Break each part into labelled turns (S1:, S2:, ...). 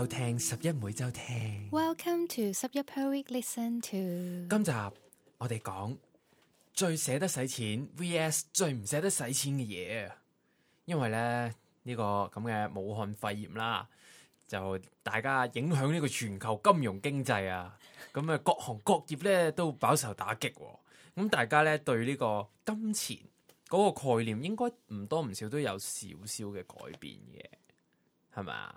S1: 收聽十一每周聽
S2: ，Welcome to 十一 per week listen to。今
S1: 集我哋講最捨得使錢 V S 最唔捨得使錢嘅嘢。因為咧呢個咁嘅武漢肺炎啦，就大家影響呢個全球金融經濟啊，咁啊各行各業咧都飽受打擊哦。咁大家咧對呢個金錢嗰個概念，應該唔多唔少都有少少嘅改變嘅，係咪？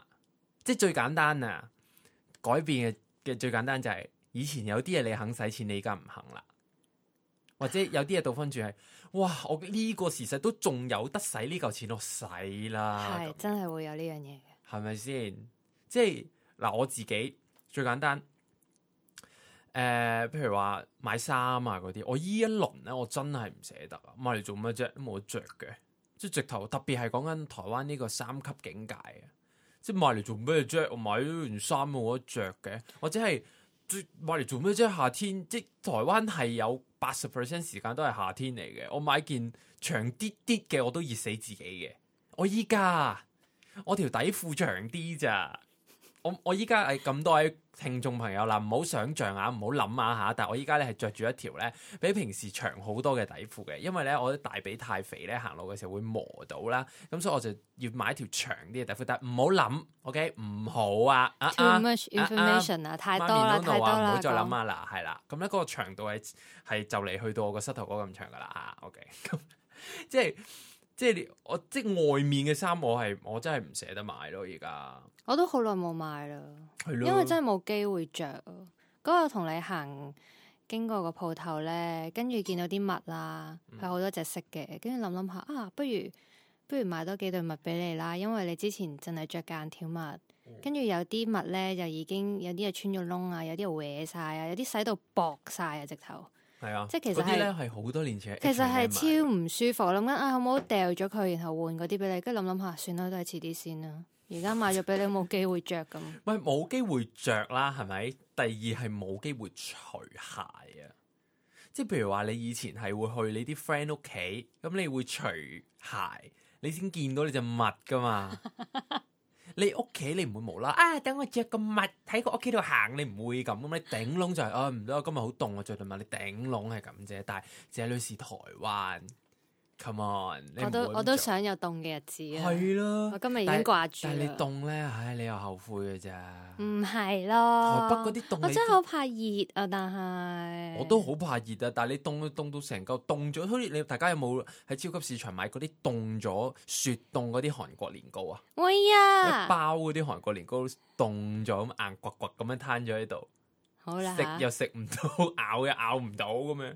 S1: 即係最簡單啊！改變嘅嘅最簡單就係、是，以前有啲嘢你肯使錢，你而家唔肯啦。或者有啲嘢倒返轉，係，哇！我呢個時勢都仲有得使呢嚿錢，我使啦。
S2: 係是樣真係會有呢樣嘢
S1: 嘅，係咪先？即係嗱，我自己最簡單，誒、呃，譬如話買衫啊嗰啲，我呢一輪咧，我真係唔捨得啊！買嚟做乜啫？都冇着嘅，即係直頭，特別係講緊台灣呢個三級警戒嘅。即係買嚟做咩啫？我買咗件衫冇得着嘅，或者係即買嚟做咩啫？夏天即台灣係有八十 percent 時間都係夏天嚟嘅。我買件長啲啲嘅，我都熱死自己嘅。我依家我條底褲長啲咋。我我依家係咁多位聽眾朋友啦，唔好想象啊，唔好諗啊嚇！但係我依家咧係着住一條咧比平時長好多嘅底褲嘅，因為咧我啲大髀太肥咧，行路嘅時候會磨到啦，咁所以我就要買一條長啲嘅底褲。但係唔好諗，OK 唔好啊啊啊啊啊，啊！太多啦，太多啦，唔好再諗啊啦，係啦說。咁咧嗰個長度係係就嚟去到我個膝頭哥咁長噶啦嚇，OK。 咁即係。即係你，我即外面嘅衫，我係我真係唔捨得買咯。而家
S2: 我都好耐冇買啦，
S1: 是的 因為真係
S2: 冇機會着。嗰日同你行經過個鋪頭呢，跟住見到啲襪啦，係好多隻色嘅。跟住諗諗下啊，不如不如買多幾對襪俾你啦，因為你之前淨係着間條襪，跟住有啲襪呢，就已經有啲嘢穿咗窿啊，有啲嘢歪晒啊，有啲洗到薄晒啊，直頭。
S1: 係啊，即係是其實係，好多年前其實係超
S2: 唔舒服。諗緊啊，好唔好掉咗佢，然後換嗰啲俾你？跟住諗諗下，算 啦，都係遲啲先啦。而家買咗俾你，冇機會着咁。
S1: 喂，冇機會着啦，係咪？第二係冇機會除鞋啊！即係譬如話，你以前係會去你啲 friend 屋企，咁你會除鞋，你先見到你隻襪噶嘛。 你屋企你唔會冇啦，啊！等我著個襪，喺個屋企度行，你唔會咁㗎嘛。你頂籠就係、是，啊唔得，今日好凍啊，著對襪，你頂籠係咁啫。但係，這裡是台灣。Come on, 我都我都
S2: 想有凍嘅日子啊！係咯啦，我今日已經掛住。但係你
S1: 凍咧，唉，你又後悔嘅咋。
S2: 唔係咯，台北嗰啲凍我真係好怕熱啊！但係我都好怕
S1: 熱啊！但係你凍都凍到成嚿，凍咗好似你大家有冇喺超級市場買嗰啲凍咗、雪凍嗰啲韓國年糕啊？
S2: 會啊呀！
S1: 包嗰啲韓國年糕凍咗，咁硬掘掘咁樣攤咗喺度，
S2: 好啦，食又
S1: 食唔到，咬又咬唔到咁樣。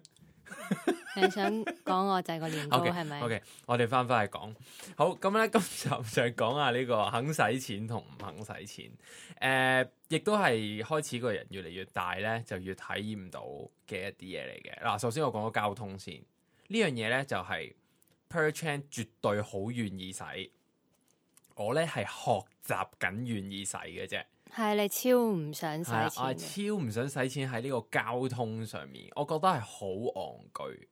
S2: 你想講我就係個年糕係咪？OK，
S1: 我哋翻翻去講，好咁咧，今集就講下呢個肯使錢同唔肯使錢，誒、呃，亦都係開始個人越嚟越大咧，就越體驗到嘅一啲嘢嚟嘅。嗱，首先我講個交通先，呢樣嘢咧就係 Per Chan 絕對好願意使，我咧係學習緊願意使嘅啫。
S2: 係你超唔想使錢，我係超
S1: 唔想使錢喺呢個交通上面，我覺得係好戇居。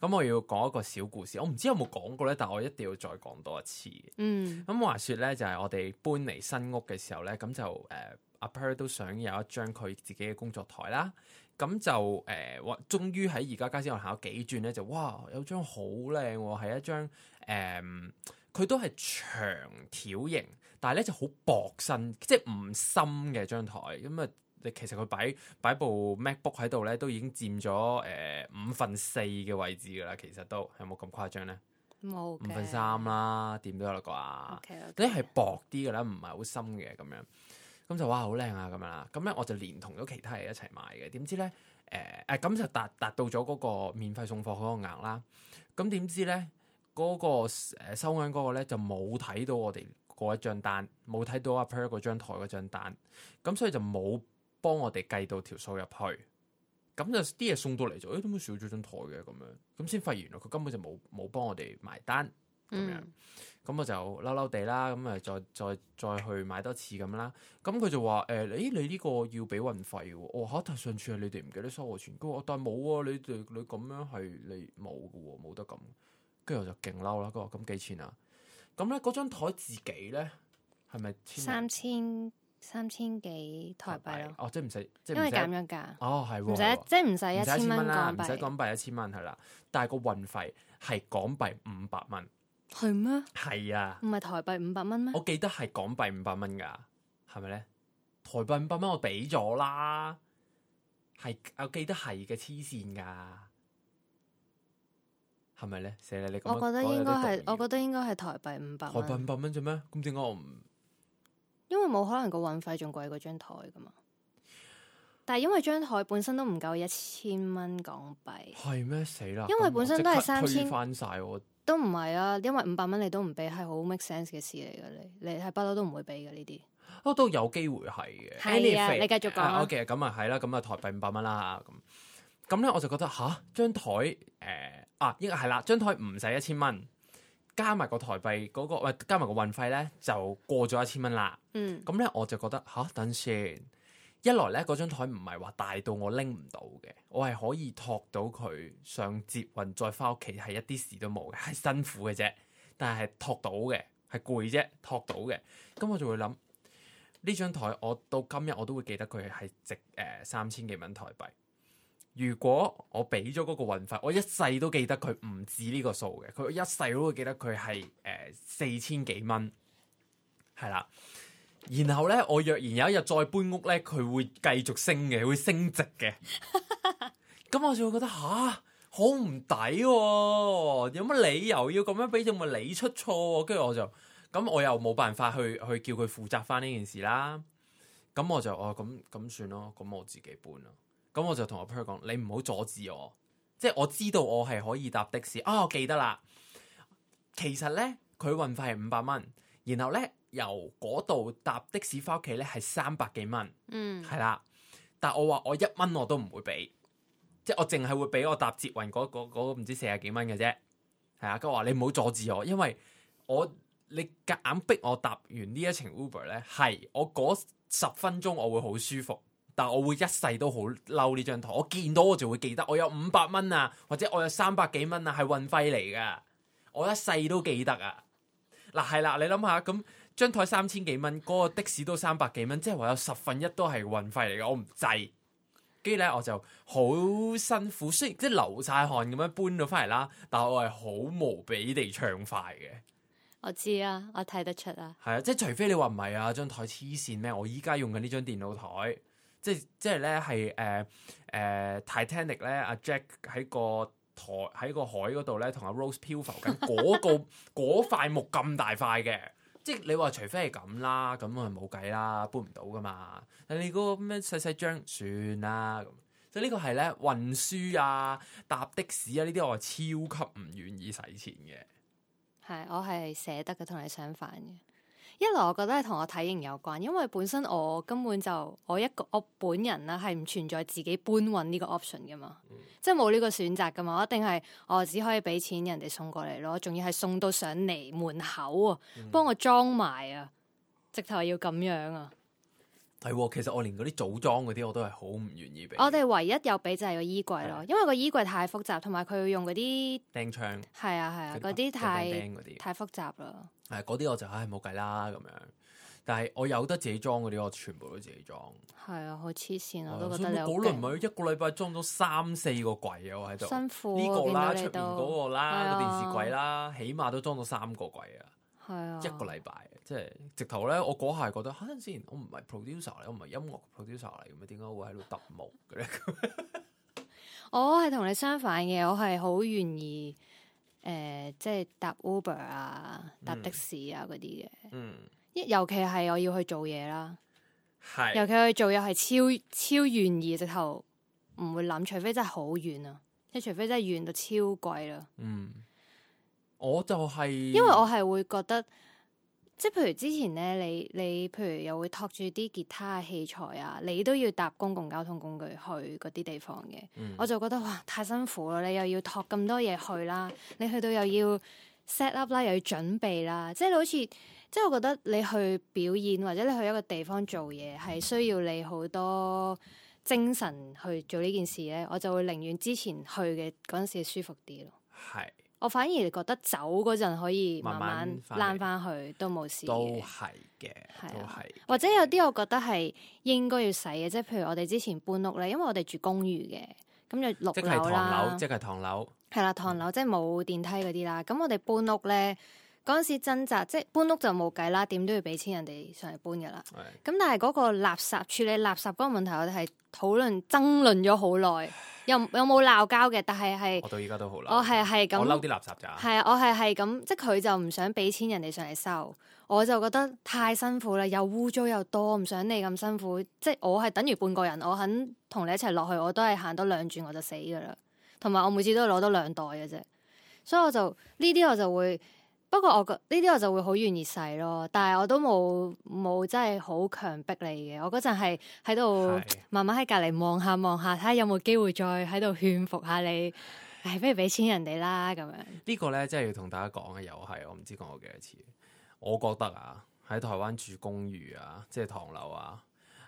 S1: 咁我要講一個小故事，我唔知有冇講過咧，但係我一定要再講多一次。嗯，咁話說咧，就係、是、我哋搬嚟新屋嘅時候咧，咁就誒，阿、呃、Per 都想有一張佢自己嘅工作台啦。咁就誒、呃，終於喺而家家先我行咗幾轉咧，就哇有張好靚，係一張誒、哦，佢、呃、都係長條型。但係咧就好薄身，即係唔深嘅張台，咁啊，其實佢擺擺部 MacBook 喺度咧，都已經佔咗誒五分四嘅位置噶啦。其實都係冇咁誇張咧，
S2: 冇五 Okay, okay. 分三
S1: 啦，點都有啦啩？你係 Okay, okay. 薄啲嘅咧，唔係好深嘅咁樣，咁就哇好靚啊咁樣啦。咁咧我就連同咗其他嘢一齊買嘅，點知咧誒誒，咁、呃啊、就達達到咗嗰個免費送貨嗰個額啦。咁點知咧嗰、嗰個誒收銀嗰個咧就冇睇到我哋嗰一張單冇睇到阿 Per 嗰張台嗰張單，咁所以就冇幫我哋計到條數入去，咁就啲嘢送到嚟就，咦點解少咗張台嘅咁樣？咁先發現原來，佢根本就冇冇幫我哋埋單咁
S2: 樣，
S1: 咁、嗯、我就嬲嬲地啦，咁啊再再再去買多次咁啦，咁佢就話誒，咦、欸、你呢個要俾運費喎，我嚇，但上次係你哋唔記得收我錢，但冇啊，你哋，你咁樣係你冇㗎喎，冇得咁，跟住我就勁嬲啦，佢話咁幾錢啊？咁咧嗰張台自己咧係咪三
S2: 千三千幾台幣
S1: 咯、啊？哦，即係唔使，即係因為咁樣㗎。哦，係喎、啊，唔使用，即係唔使一千蚊港幣，唔使港幣一千蚊，係啦。但係個運費係港幣五百蚊，
S2: 係咩？係啊，唔
S1: 係台幣五百
S2: 蚊咩？我
S1: 記得係港幣五百蚊㗎，係咪咧？台幣五百蚊我俾咗啦，係我記得係嘅，黐線㗎。係咪咧？死啦！你 關靡 sle igh 我覺得應該係，
S2: 我覺得應該係台幣五百蚊。台幣五
S1: 百蚊啫咩？咁點解我唔，
S2: 因為冇可能個運費仲貴過張台噶嘛。但係因為張台本身都唔夠一千蚊港幣。
S1: 係咩？死啦！因為本身都係三千，翻晒，
S2: 都唔係啊。因為五百蚊你都唔俾，係好 make sense 嘅事嚟噶。你你係不嬲都唔會俾嘅呢啲。
S1: 都都有機會係嘅。係、anyway, 啊，你繼續講、啊。好嘅、okay，咁啊係啦，咁啊台幣五百蚊啦吓咁。咁咧我就覺得吓，張台誒啊，應該係啦，張台唔使一千蚊，加埋個台幣嗰、嗰個，喂、呃、加埋個運費咧就過咗一千蚊啦。嗯，咁咧我就覺得吓，等先，一來咧嗰張台唔係話大到我拎唔到嘅，我係可以托到佢上捷運再翻屋企係一啲事都冇嘅，係辛苦嘅啫，但係係托到嘅，係攰啫，托到嘅。咁我就會諗呢張台，我到今日我都會記得佢係值誒三千幾蚊台幣。如果我俾咗嗰個運費，我一世都記得佢唔止呢個數嘅，佢一世都會記得佢係誒四千幾蚊，係、呃、啦。然後咧，我若然有一日再搬屋咧，佢會繼續升嘅，會升值嘅。咁 我就會覺得吓好唔抵，有乜理由要咁樣俾咗咪你出錯、啊？跟住我就咁，我又冇辦法去去叫佢負責翻呢件事啦。咁我就哦咁咁算咯，咁我自己搬咯。咁我就同我朋友 e 講，你唔好阻止我，即係我知道我係可以搭的士啊。哦、我記得啦，其實呢，佢運費係五百蚊，然後呢，由嗰度搭的士翻屋企呢係三百幾蚊。嗯，係啦，但我話我一蚊我都唔會俾，即係我淨係會俾我搭捷運嗰嗰嗰唔知四十幾蚊嘅啫。係啊，佢我話你唔好阻止我，因為我你夾硬逼我搭完呢一程 Uber 呢，係我嗰十分鐘我會好舒服。但係我會一世都好嬲呢張台，我見到我就會記得，我有五百蚊啊，或者我有三百幾蚊啊，係運費嚟噶，我一世都記得啊！嗱，係啦，你諗下，咁張台三千幾蚊，嗰個的士都三百幾蚊，即係話有十分一都係運費嚟噶，我唔制。跟住咧，我就好辛苦，雖然即係流晒汗咁樣搬到翻嚟啦，但係我係好無比地暢快嘅。
S2: 我知啊，我睇得出啊。
S1: 係啊，即係除非你話唔係啊，張台黐線咩？我依家用緊呢張電腦台。即係即係咧，係誒誒，呃呃《Titanic》咧，阿 Jack 喺個台喺個海嗰度咧，同阿 Rose 漂浮緊，嗰個嗰塊木咁大塊嘅，即係你話除非係咁啦，咁係冇計啦，搬唔到噶嘛？但你嗰個咩細細張算啦咁，所以呢個係咧運輸啊、搭的士啊呢啲，我係超級唔願意使錢嘅。
S2: 係我係捨得嘅，同你相反嘅。一來我覺得係同我體型有關，因為本身我根本就我一個我本人咧係唔存在自己搬運呢個 option 嘅嘛，嗯、即係冇呢個選擇嘅嘛，我一定係我只可以俾錢人哋送過嚟咯，仲要係送到上嚟門口啊，嗯、幫我裝埋啊，直頭係要咁樣啊！
S1: 係、嗯，其實我連嗰啲組裝嗰啲我都係好唔願意俾。我哋
S2: 唯一有俾就係個衣櫃咯，對因為個衣櫃太複雜，同埋佢要用嗰啲釘槍係啊係啊，嗰啲太太複雜啦。
S1: 係嗰啲我就唉，冇計啦咁樣，但係我有得自己裝嗰啲，我全部都自己裝。
S2: 係啊，好黐線，我都覺得你嗰輪
S1: 咪一個禮拜裝咗三四個櫃啊，我喺度辛苦呢個啦，出邊嗰個啦個、啊、電視櫃啦，起碼都裝咗三個櫃啊。係啊，
S2: 一個禮拜，
S1: 即係直頭咧，我嗰下覺得吓先，我唔係 producer 嚟，我唔係音樂 producer 嚟嘅咩？點解會喺度揼木嘅咧？
S2: 我係同你相反嘅，我係好願意。誒、呃，即係搭 Uber 啊，搭的士啊，嗰啲嘅。嗯，嗯，尤其係我要去做嘢啦，係，尤其我去做嘢係超超願意，直頭唔會諗，除非真係好遠啊，即係除非真係遠到超貴啦。嗯，
S1: 我就係，因為我
S2: 係會覺得。即係譬如之前咧，你你譬如又會托住啲吉他嘅器材啊，你都要搭公共交通工具去嗰啲地方嘅，嗯、我就覺得哇太辛苦啦！你又要托咁多嘢去啦，你去到又要 set up 啦，又要準備啦，即係好似即係我覺得你去表演或者你去一個地方做嘢係需要你好多精神去做呢件事咧，我就會寧願之前去嘅嗰陣時舒服啲咯。係。我反而覺得走嗰陣可以慢慢拉翻去都都，的都冇事。都係嘅，都係。或者有啲我覺得係應該要洗嘅，即係譬如我哋之前搬屋咧，因為我哋住公寓嘅，咁就六樓啦。即係唐樓，即係唐樓，係啦，唐樓即係冇電梯嗰啲啦。咁我哋搬屋咧。嗰陣時掙扎，即係搬屋就冇計啦，點都要俾錢人哋上嚟搬噶啦。咁 Right. 但係嗰個垃圾處理垃圾嗰個問題，我哋係討論爭論咗好耐，又有冇鬧交嘅，但係係我
S1: 到而家都好鬧是了，我係
S2: 係咁，我嬲啲垃圾咋？係啊，我係係咁，即係佢就唔想俾錢人哋上嚟收，我就覺得太辛苦啦，又污糟又多，唔想你咁辛苦。即係我係等於半個人，我肯同你一齊落去，我都係行多兩轉我就死噶啦。同埋我每次都係攞多兩袋嘅啫，所以我就呢啲我就會。不過我個呢啲我就會好願意使咯，但係我都冇冇真係好強迫你嘅。我嗰陣係喺度慢慢喺隔離望下望下，睇下有冇機會再喺度勸服下你。唉，不如俾錢人哋啦咁樣。
S1: 呢個咧真係要同大家講嘅，又係我唔知講過幾多次。我覺得啊，喺台灣住公寓啊，即係唐樓啊，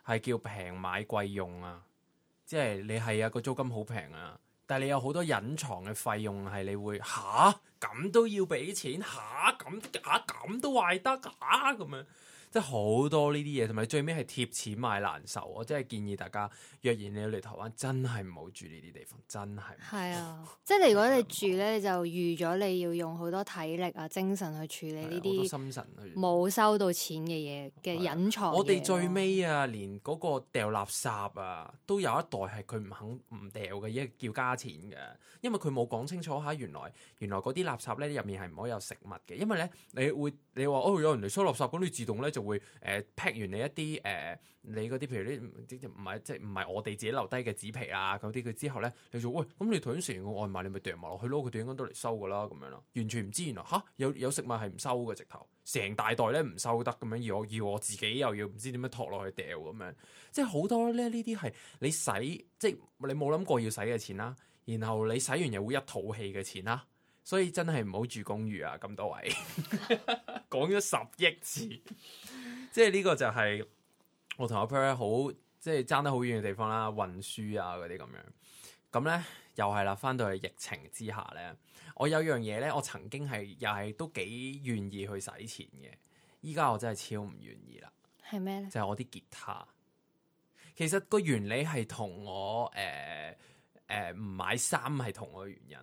S1: 係叫平買貴用啊，即係你係啊個租金好平啊。但係你有好多隱藏嘅費用係你會吓咁都要俾錢吓咁嚇咁都壞得嚇咁樣。啊即係好多呢啲嘢，同埋最尾係貼錢買難受。我真係建議大家，若然你要嚟台灣，真係唔好住呢啲地方，真係。
S2: 係啊！ 即係如果你住咧， 就預咗你要用好多體力啊、精神去處理呢啲、啊，冇收到錢嘅嘢嘅隱藏、啊。我哋最
S1: 尾啊，連嗰個掉垃圾啊，都有一袋係佢唔肯唔掉嘅，一係叫加錢嘅。因為佢冇講清楚嚇、啊，原來原來嗰啲垃圾咧入面係唔可以有食物嘅，因為咧你會，你話哦有人嚟收垃圾，咁你自動咧就。就會誒劈、呃、完你一啲誒、呃，你嗰啲譬如啲啲唔係即係唔係我哋自己留低嘅紙皮啊，嗰啲佢之後咧，你就喂，咁你頭先食完嘅外賣，你咪掉埋落去咯，佢就應該都嚟收噶啦，咁樣啦，完全唔知原來吓有有食物係唔收嘅直頭，成大袋咧唔收得咁樣，要要我自己又要唔知點樣托落去掉咁樣，即係好多咧呢啲係你使即係你冇諗過要使嘅錢啦，然後你使完又會一肚氣嘅錢啦。所以真係唔好住公寓啊！咁多位講咗 十億次，即係呢個就係我同阿 p e 好即係爭得好遠嘅地方啦，運輸啊嗰啲咁樣。咁咧又係啦，翻到去疫情之下咧，我有樣嘢咧，我曾經係又係都幾願意去使錢嘅，依家我真係超唔願意啦。係咩咧？就係我啲吉他，其實個原理係同我誒誒唔買衫係同一個原因。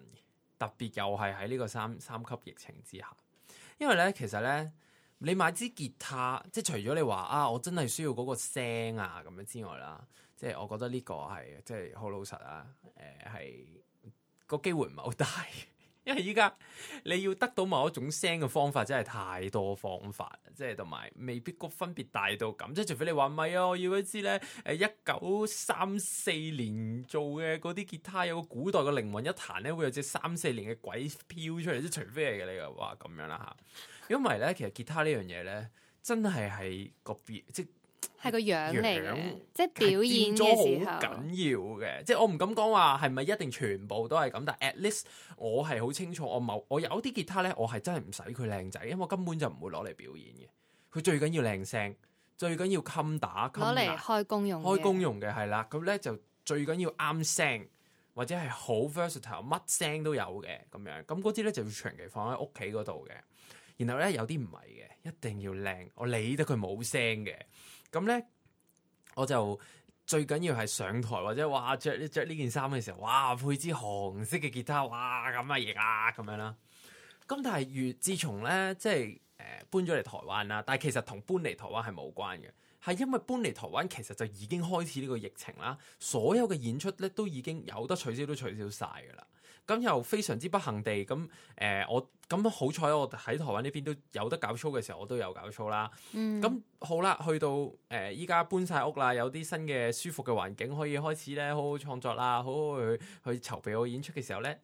S1: 特別又係喺呢個三三級疫情之下，因為呢，其實呢，你買支吉他，即係除咗你話啊，我真係需要嗰個聲啊咁樣之外啦，即係我覺得呢個係即係好老實啊，誒、呃、係、嗰個機會唔係好大。 因為依家你要得到某一種聲嘅方法，真係太多方法，即係同埋未必個分別大到咁，即係除非你話唔係啊，我要一支咧，誒一九三四年做嘅嗰啲吉他，有個古代嘅靈魂一彈咧，會有隻三四年嘅鬼飄出嚟，即係除非係嘅、啊、你話咁樣啦吓，因為咧，其實吉他呢樣嘢咧，真係係個別即
S2: 係個樣嚟嘅，子，即係表演嘅好
S1: 緊要嘅，即係我唔敢講話係咪一定全部都係咁。但係 at least 我係好清楚，我冇我有啲吉他咧，我係真係唔使佢靚仔，因為我根本就唔會攞嚟表演嘅。佢最緊要靚聲，最緊要襟打襟。攞嚟開
S2: 工用，開工用
S1: 嘅係啦。咁咧就最緊要啱聲，或者係好 versatile，乜聲都有嘅咁樣。咁嗰啲咧就要長期放喺屋企嗰度嘅。然後咧有啲唔係嘅，一定要靚。我理得佢冇聲嘅。咁呢，我就最緊要係上台或者哇，着呢着呢件衫嘅時候，哇，配支紅色嘅吉他，哇，咁嘅嘢啊，咁樣啦。咁但係越自從呢，即係誒、呃、搬咗嚟台灣啦，但係其實同搬嚟台灣係冇關嘅，係因為搬嚟台灣其實就已經開始呢個疫情啦，所有嘅演出呢，都已經有得取消都取消晒噶啦。咁又非常之不幸地咁，誒我咁好彩，我喺台灣呢邊都有得搞 show 嘅時候，我都有搞 show 啦。咁、嗯、好啦，去到誒依家搬晒屋啦，有啲新嘅舒服嘅環境可以開始咧，好好創作啦，好好去去籌備我演出嘅時候咧，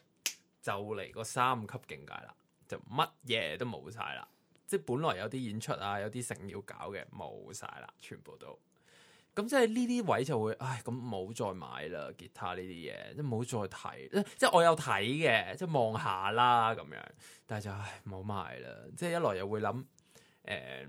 S1: 就嚟個三級境界啦，就乜嘢都冇晒啦，即係本來有啲演出啊，有啲成要搞嘅冇晒啦，全部都。咁即係呢啲位就會，唉，咁冇再買啦，吉他呢啲嘢，即係冇再睇，即係我有睇嘅，即係望下啦咁樣，但係就唉冇買啦，即係一來又會諗，誒、呃、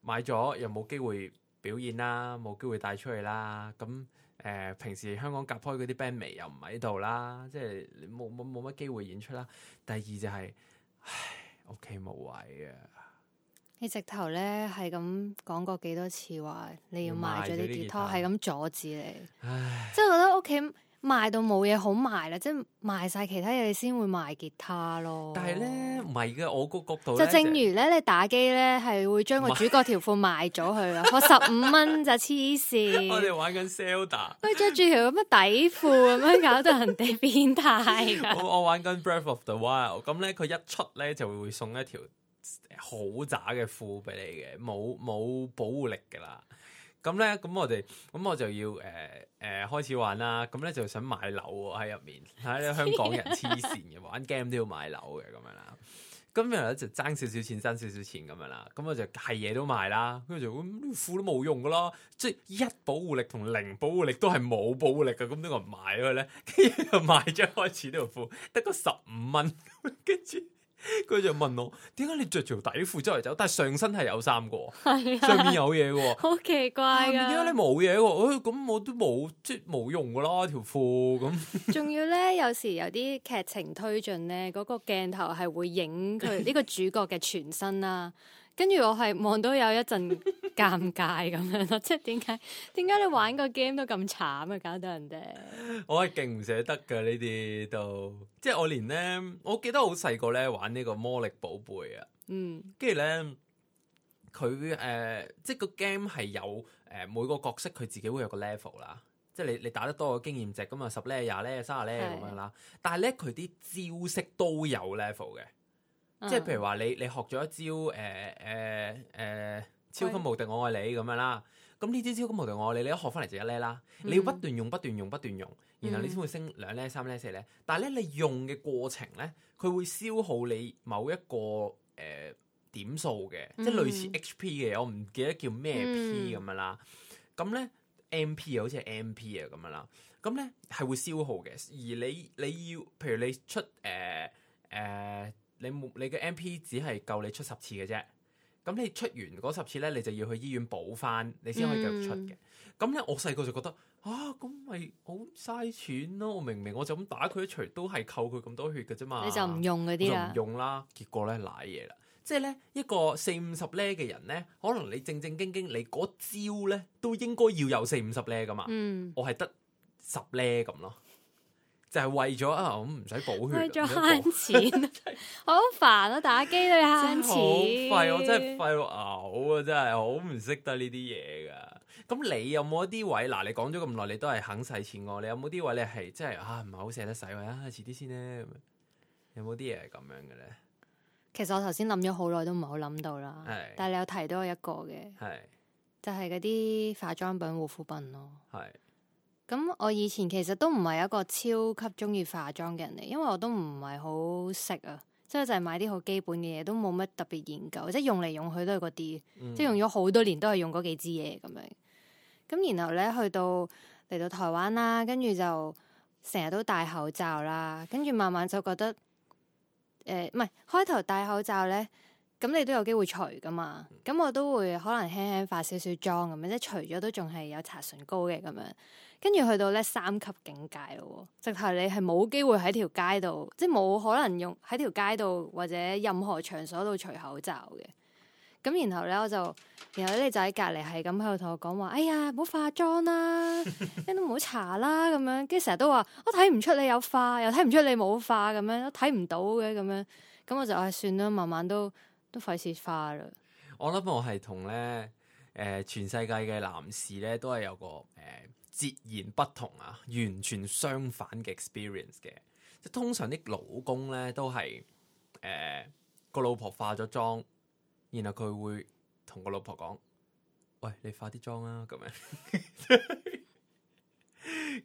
S1: 買咗又冇機會表演啦，冇機會帶出去啦，咁誒、呃、平時香港隔開嗰啲 band 味又唔喺度啦，即係冇冇冇乜機會演出啦。第二就係，唉，屋企冇位啊。OK，
S2: 你直頭咧，係咁講過幾多次話你要賣咗啲吉他，係咁阻止你，即係覺得屋企賣到冇嘢好賣啦，唉即係賣晒其他嘢你先會賣吉他咯。但係咧唔係噶，我個角度呢就正如咧，只你打機咧係會將個主角條褲賣咗佢啊，我十五蚊就黐線。我哋玩緊 Zelda，我着住條咁嘅底褲咁樣搞到人哋變態。咁 我
S1: 玩緊 Breath of the Wild，咁咧佢一出咧就會送一條。 嗯、好渣嘅褲俾你嘅，冇冇保護力噶啦。咁咧，咁我哋咁我就要誒誒、呃呃、開始玩啦。咁咧就想買樓喺入面，睇啲香港人黐線嘅玩 game 都要買樓嘅咁樣啦。咁原來就爭少少錢，爭少少錢咁樣啦。咁我就係嘢都賣啦，跟住就咁啲褲都冇用噶咯。即係一保護力同零保護力都係冇保護力噶。咁點解唔賣咗佢咧？賣咗開始呢條褲得個十五蚊，跟住。佢 就問我點解你着條底褲周圍走，但係上身係有衫個，
S2: 啊、上面有嘢嘅， 好奇怪嘅，啊。點解你
S1: 冇嘢嘅？咁、哎、我都冇，即係冇用噶啦條褲咁。
S2: 仲要咧，有時有啲劇情推進咧，嗰、嗰個鏡頭係會影佢呢個主角嘅全身啦。 跟住我係望到有一陣尷尬咁樣咯， 即係點解點解你玩個 game 都咁慘啊？搞到人哋，
S1: 我係勁唔捨得㗎呢啲都，即係我連咧，我記得好細個咧玩呢個魔力寶貝啊，嗯，跟住咧佢誒，即係個 game 係有誒、呃、每個角色佢自己會有個 level 啦，即係你你打得多個經驗值咁啊十 level 廿 level 卅 level 咁樣啦，但係咧佢啲招式都有 level 嘅。即係譬如話你你學咗一招誒誒誒超級無敵我愛你咁對樣啦，咁呢招超級無敵我愛你你一學翻嚟，就一叻啦，嗯、你要不斷用不斷用不斷用，然後你先會升兩叻三叻四叻，嗯、但係咧你用嘅過程咧，佢會消耗你某一個誒、呃、點數嘅，即係類似 H P 嘅，嗯、我唔記得叫咩 P 咁、嗯、樣啦。咁咧 M P 好似係 M P 啊咁樣啦，咁咧係會消耗嘅。而你你，你要譬如你出誒誒。呃呃呃呃呃你冇你嘅 MP 只係夠你出十次嘅啫，咁你出完嗰十次咧，你就要去醫院補翻，你先可以繼續出嘅。咁咧、嗯，我細個就覺得啊，咁咪好嘥錢咯、啊！我明明我就咁打佢一錘，都係扣佢咁多血嘅啫嘛，你就唔用嗰啲啦，唔用啦。結果咧，瀨嘢啦，即係咧一個四五十咧嘅人咧，可能你正正經經你嗰招咧都應該要有四五十咧噶嘛，嗯、我係得十咧咁咯。就係為咗啊，我唔使補血，為咗慳
S2: 錢。我好煩 啊，打機都要慳錢。好廢，我真係廢
S1: 嘔啊！我真係好唔識得呢啲嘢噶。咁你有冇一啲位？嗱，你講咗咁耐，你都係肯使錢我。你有冇啲位你係真係啊？唔係好捨得使位啊？遲、啊、啲先咧、啊啊。有冇啲嘢係咁樣嘅咧？
S2: 其實我頭先諗咗好耐都唔係好諗到啦。是但係你有提到我一個嘅，係是就係嗰啲化妝品護膚品咯。係。咁我以前其實都唔係一個超級中意化妝嘅人嚟，因為我都唔係好識啊，即係就係買啲好基本嘅嘢，都冇乜特別研究，即係用嚟用去都係嗰啲，嗯、即係用咗好多年都係用嗰幾支嘢咁樣。咁然後咧去到嚟到台灣啦，跟住就成日都戴口罩啦，跟住慢慢就覺得，誒唔係開頭戴口罩咧。咁你都有機會除噶嘛，咁我都會可能輕輕化少少妝咁樣，即除咗都仲係有搽唇膏嘅咁樣。跟住去到咧三級境界咯，直頭你係冇機會喺條街度，即係冇可能用喺條街度或者任何場所度除口罩嘅。咁然後咧我就，然後咧你就喺隔籬係咁喺度同我講話：，哎呀，唔好化妝啦，一 都唔好搽啦，咁樣。跟住成日都話我睇唔出你有化，又睇唔出你冇化，咁樣都睇唔到嘅咁樣。咁我，我就唉，算啦，慢慢都。都費事化啦！
S1: 我諗我係同咧誒，全世界嘅男士咧都係有個誒、呃、截然不同啊，完全相反嘅 experience 嘅。即通常啲老公咧都係誒個老婆化咗妝，然後佢會同個老婆講：喂，你化啲妝啊！咁樣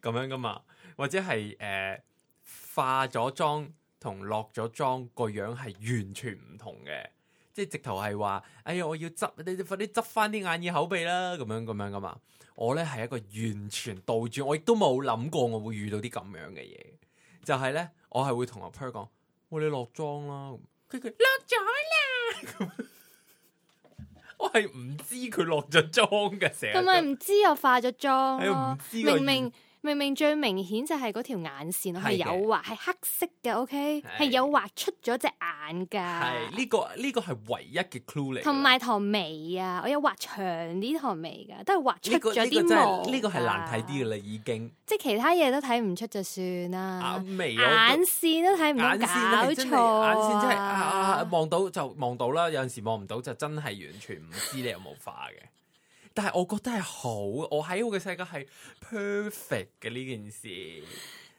S1: 咁 樣噶嘛，或者係誒、呃、化咗妝同落咗妝個樣係完全唔同嘅。即係直頭係話，哎呀，我要執你，快啲執翻啲眼耳口鼻啦，咁樣咁樣噶嘛。我咧係一個完全倒轉，我亦都冇諗過我會遇到啲咁樣嘅嘢。就係、是、咧，我係會同阿 Per 講，喂、哦，你落妝啦，佢佢
S2: 落咗啦。
S1: 我係唔知佢落咗妝㗎，成日。佢咪
S2: 唔知我化咗妝、啊哎、明明。明明最明顯就係嗰條眼線，我係的有畫，係黑色嘅，OK，係的有畫出咗隻眼㗎。係呢、這
S1: 個呢、這個係唯一嘅 clue 嚟。同
S2: 埋頭眉啊，我有畫長啲頭眉㗎、啊，都係畫出咗啲毛、啊。呢、這個係、這個這個、難睇
S1: 啲嘅啦，已經。
S2: 啊、即係其他嘢都睇唔出，就算啦。眼、啊、眉啊，眼線都睇唔到搞錯、啊眼。眼線真係啊
S1: 望到就望到啦，有陣時望唔到就真係完全唔知你有冇化嘅。 但係我覺得係好，我喺我嘅世界係 perfect 嘅呢件事。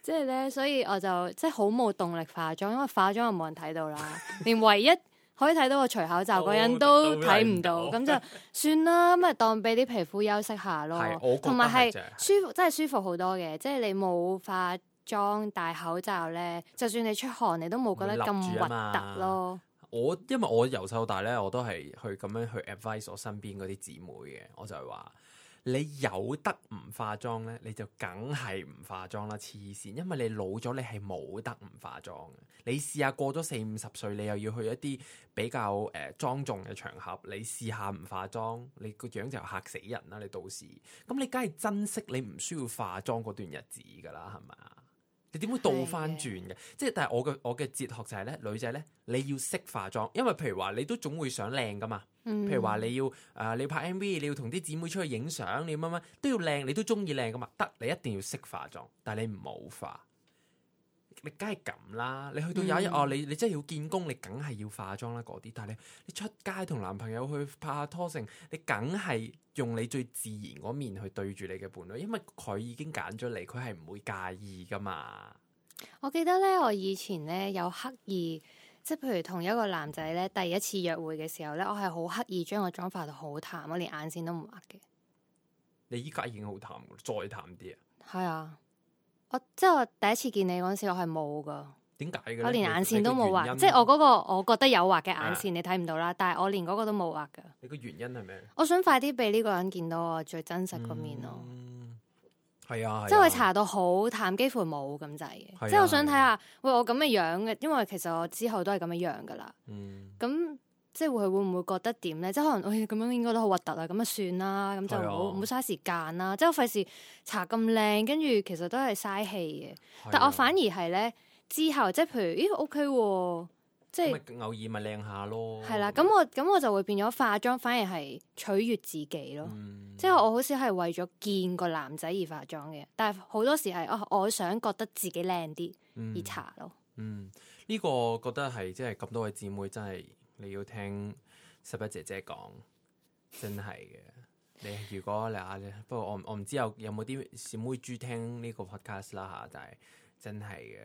S2: 即係咧，所以我就即係好冇動力化妝，因為化妝又冇人睇到啦。 連唯一可以睇到我除口罩嗰人 都睇唔到，咁 就算啦，咁就當俾啲皮膚休息下咯。同埋係舒服，真係舒服好多嘅。即係 你冇化妝戴口罩咧，就算你出汗，你都冇覺得咁核突咯。嗯
S1: 我因為我由細到大咧，我都係去咁樣去 advise 我身邊嗰啲姊妹嘅，我就係話：你有得唔化妝咧，你就梗係唔化妝啦，黐線！因為你老咗，你係冇得唔化妝。你試下過咗四五十歲，你又要去一啲比較誒莊、呃、重嘅場合，你試下唔化妝，你個樣就嚇死人啦！你到時，咁你梗係珍惜你唔需要化妝嗰段日子㗎啦，係咪？你點會倒翻轉嘅？即係的但係我嘅、我嘅哲學就係、是、咧，女仔咧，你要識化妝，因為譬如話你都總會想靚噶嘛。嗯、譬如話你要誒、呃，你要拍 MV，你要同啲姊妹出去影相，你乜乜都要靚，你都中意靚噶嘛？得，你一定要識化妝，但係你唔好化。你梗係咁啦，你去到有一日哦、嗯啊，你你真係要見工，你梗係要化妝啦嗰啲。但係你你出街同男朋友去拍下拖性，你梗係用你最自然嗰面，去對住你嘅伴侶，因為佢已經揀咗你，佢係唔會介意㗎嘛。
S2: 我記得咧，我以前咧有刻意，即係譬如同一個男仔咧第一次約會嘅時候咧，我係好刻意將個妝化到好淡，我連眼綫都唔畫嘅。
S1: 你依家已經好淡，再淡啲啊？
S2: 係啊。我即係第一次見你嗰陣時我，我係冇噶，
S1: 點解噶？我連眼線都冇畫，即係我嗰
S2: 個我覺得有畫嘅眼線你，你睇唔到啦。但係我連嗰個都冇畫噶。你
S1: 個原因係咩？
S2: 我想快啲俾呢個人見到我最真實個面咯。係、嗯、啊，啊即係我搽到好淡，幾乎冇咁滯嘅。即係我想睇下，啊啊、喂，我咁嘅樣嘅，因為其實我之後都係咁嘅樣噶啦。咁、嗯。即係會唔會覺得點呢？即係可能，哎咁樣應該都好核突啊！咁啊算啦，咁就唔好嘥時間啦。即我費事搽咁靚，跟住其實都係嘥氣嘅。係啊、但我反而係呢，之後，即係譬如咦 O K 喎，即係
S1: 偶爾咪靚下咯。
S2: 係啦、啊，咁我咁我就會變咗化妝，反而係取悅自己咯。嗯、即係我好少係為咗見個男仔而化妝嘅，但係好多時係我想覺得自己靚啲而搽咯嗯。嗯，
S1: 呢、呢個覺得係即係咁多位姊妹真係。你要聽拾壹姐姐講，真係嘅。你如果你啊，不過我我唔知有有冇啲小妹豬聽呢個 podcast 啦、啊、嚇，但係真係嘅。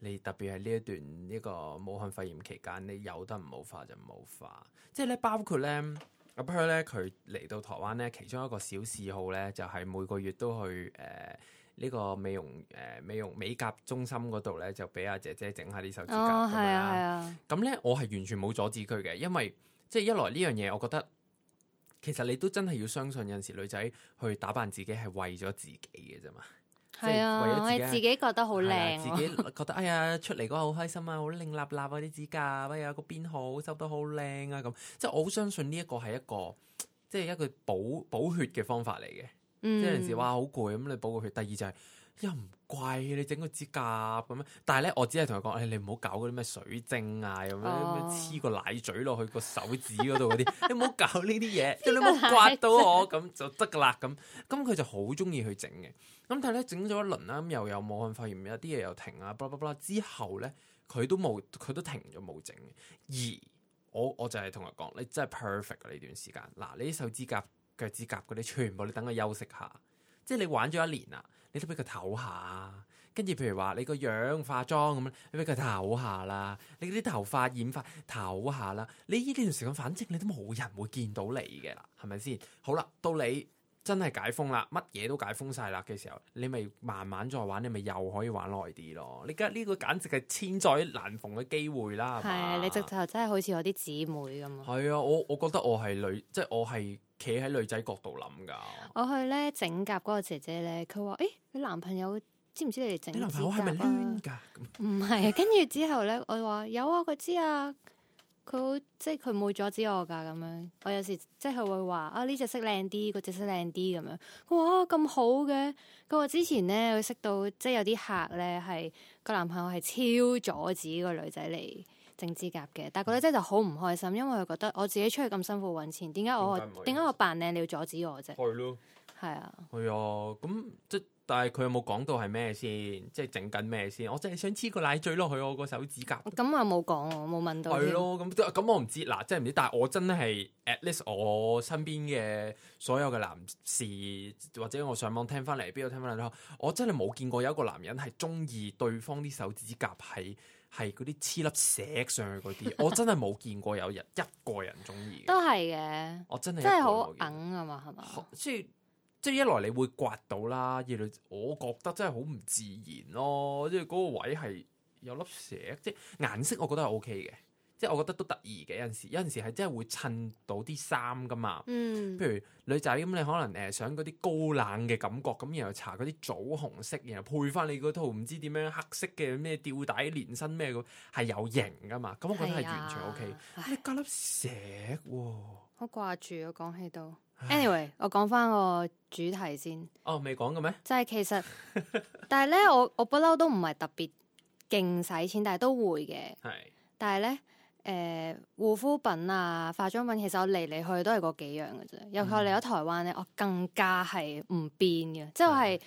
S1: 你特別係呢一段呢個武漢肺炎期間，你有得唔好花就唔好花。即係咧，包括咧，阿 Per 咧佢嚟到台灣咧，其中一個小嗜好咧，就係、是、每個月都去誒。呃呢個美容誒、呃、美容美甲中心嗰度咧，就俾阿姐姐整下啲手指甲咁、哦啊、樣啦。咁咧，我係完全冇阻止佢嘅，因為即係、就是、一來呢樣嘢，我覺得其實你都真係要相信有陣時女仔去打扮自己係為咗自己嘅啫嘛。係啊，我係自，自己覺得好靚、啊，啊、自己覺得 哎呀出嚟嗰下好開心啊，好靚立立啊啲指甲，哎呀個邊好，收得好靚啊咁。即係、就是、我好相信呢一個係、就是、一個即係、就是、一個補補血嘅方法嚟嘅。
S2: 即係有時哇好
S1: 攰咁，你補個血。第二就係，又唔貴，你整個指甲咁樣。但係咧，我只係同佢講，你你唔好搞嗰啲咩水晶啊，咁樣黐個奶嘴落去個手指嗰度嗰啲，你唔好搞呢啲嘢。你唔好刮到我咁就得噶啦。咁咁佢就好中意去整嘅。咁但係咧，整咗一輪啦，咁又有武漢肺炎，有啲嘢又停啦，blah blah blah, 之後咧佢都冇，佢都停咗冇整嘅。而我我，我就係同佢講，你真係 perfect 呢段時間。嗱，你啲手指甲。腳趾甲嗰啲全部你等佢休息下，即係你玩咗一年啦，你都俾佢唞下。跟住譬如話你個樣化妝咁樣，你俾佢唞下啦。你啲頭髮染髮唞下啦。你呢段時間反正你都冇人會見到你嘅啦，係咪先？好啦，到你。真係解封啦，乜嘢都解封晒啦嘅時候，你咪慢慢再玩，你咪又可以玩耐啲咯。你而家呢個簡直係千載難逢嘅機會啦，係啊！吧你直
S2: 頭真係好似我啲姊妹咁
S1: 啊！係啊，我我覺得我係女，即係我係企喺女仔角度諗㗎。
S2: 我去咧整甲嗰個姐姐咧，佢話，誒，你男朋友知唔知你哋整甲啊？唔係，跟住之後咧，我話有啊，佢知啊。佢好即係佢唔會阻止我噶，咁樣，我有時即係佢會話啊，呢隻色靚啲，嗰隻色靚啲咁樣。哇咁、啊、好嘅，佢話之前咧佢識到即係有啲客咧係個男朋友係超阻止個女仔嚟整指甲嘅，但係個女仔就好唔開心，因為佢覺得我自己出去咁辛苦揾錢，點解我點解我扮靚你要阻止我啫？係咯的，係啊的，
S1: 係啊、哎，咁即。但係佢有冇講到係咩先？即係整緊咩先？我真係想黐個奶嘴落去我個手指甲。
S2: 咁啊，冇講我冇問到。
S1: 係咯，咁咁我唔知。嗱，即係唔知。但係我真係 at least 我身邊嘅所有嘅男士，或者我上網聽翻嚟，邊度聽翻嚟都好，我真係冇見過有一個男人係中意對方啲手指甲係係嗰啲黐粒石上去嗰啲。 我真係冇見過有人一個人中意。都
S2: 係嘅。我真係真係好硬啊嘛，係嘛，嗯？所以。
S1: 即係一來你會刮到啦，二來我覺得真係好唔自然咯，即係嗰個位係有粒石，即係顏色我覺得係 OK 嘅，即係我覺得都得意嘅。有陣時有陣時係真係會襯到啲衫噶嘛，嗯，譬如女仔咁、嗯，你可能誒想嗰啲高冷嘅感覺，咁然後搽嗰啲棗紅色，然後配翻你嗰套唔知點樣黑色嘅咩吊帶連身咩，係有型噶嘛，咁我覺得係完全 OK，你夾粒石喎，
S2: 好掛住啊，講、哎、起到。Anyway，我講翻個主題先。
S1: 哦，未講嘅咩？
S2: 即係其實，但係咧，我我不嬲都唔係特別勁使錢，但係都會嘅。係。但係咧，誒，護膚品啊，化妝品，其實我嚟嚟去都係嗰幾樣嘅啫。尤其我嚟咗台灣咧，嗯、我更加係唔變嘅。即係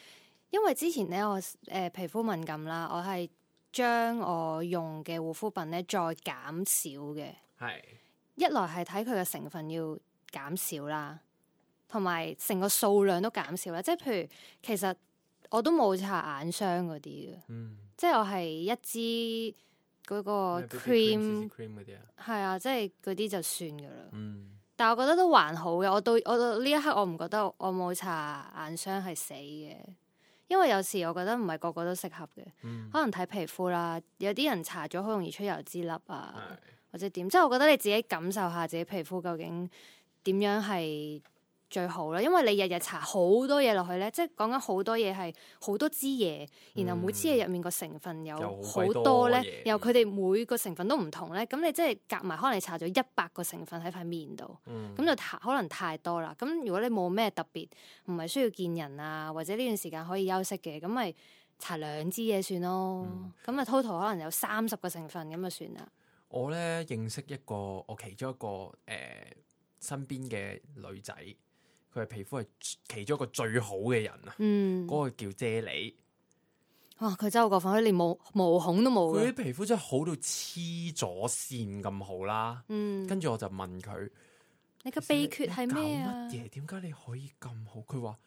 S2: 因為之前咧，我誒、皮膚敏感啦，我係將我用嘅護膚品咧再減少嘅。係。一來係睇佢嘅成分要減少啦。同埋成個數量都減少啦，即係譬如其實我都冇搽眼霜嗰啲嘅，即係我係一支嗰個 cream，cream 嗰啲啊，係啊，即係嗰啲就算噶啦。嗯、但係我覺得都還好嘅，我到我到呢一刻我唔覺得我冇搽眼霜係死嘅，因為有時我覺得唔係個個都適合嘅，嗯、可能睇皮膚啦。有啲人搽咗好容易出油脂粒啊，對或者點，即係我覺得你自己感受下自己皮膚究竟點樣係最好啦，因為你日日搽好多嘢落去咧，即係講緊好多嘢係好多支嘢，嗯、然後每支嘢入面個成分有好多咧，又佢哋每個成分都唔同咧，咁、嗯、你即係夾埋可能你搽咗一百個成分喺塊面度，咁、嗯、就可能太多啦。咁如果你冇咩特別，唔係需要見人啊，或者呢段時間可以休息嘅，咁咪搽兩支嘢算咯。咁啊、嗯、total 可能有三十個成分咁就算啦。
S1: 我咧認識一個我其中一個誒、呃、身邊嘅女仔。佢嘅皮膚係其中一個最好嘅人啊！嗯，嗰個叫啫喱，
S2: 哇！佢真係好過分，佢連毛毛孔都冇。佢啲
S1: 皮膚真係好到黐咗綫咁好啦！嗯，跟住我就問佢：
S2: 你個秘訣係咩嘢？
S1: 點解你可以咁好？佢話：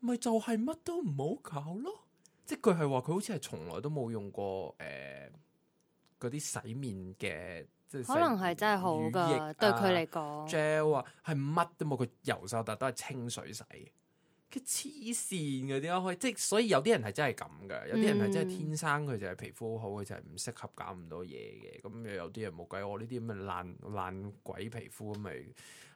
S1: 咪就係、是、乜都唔好搞咯！即係佢係話佢好似係從來都冇用過誒嗰啲洗面嘅。可能係真係好噶，啊、對佢嚟講。gel 啊，係乜都冇，佢由細到大都係清水洗，佢黐線㗎。點解，即係所以有啲人係真係咁噶，有啲人係真係天生佢、嗯、就係皮膚好，佢就係唔適合搞咁多嘢嘅，咁又有啲人冇計，我呢啲咁嘅爛爛鬼皮膚咁咪。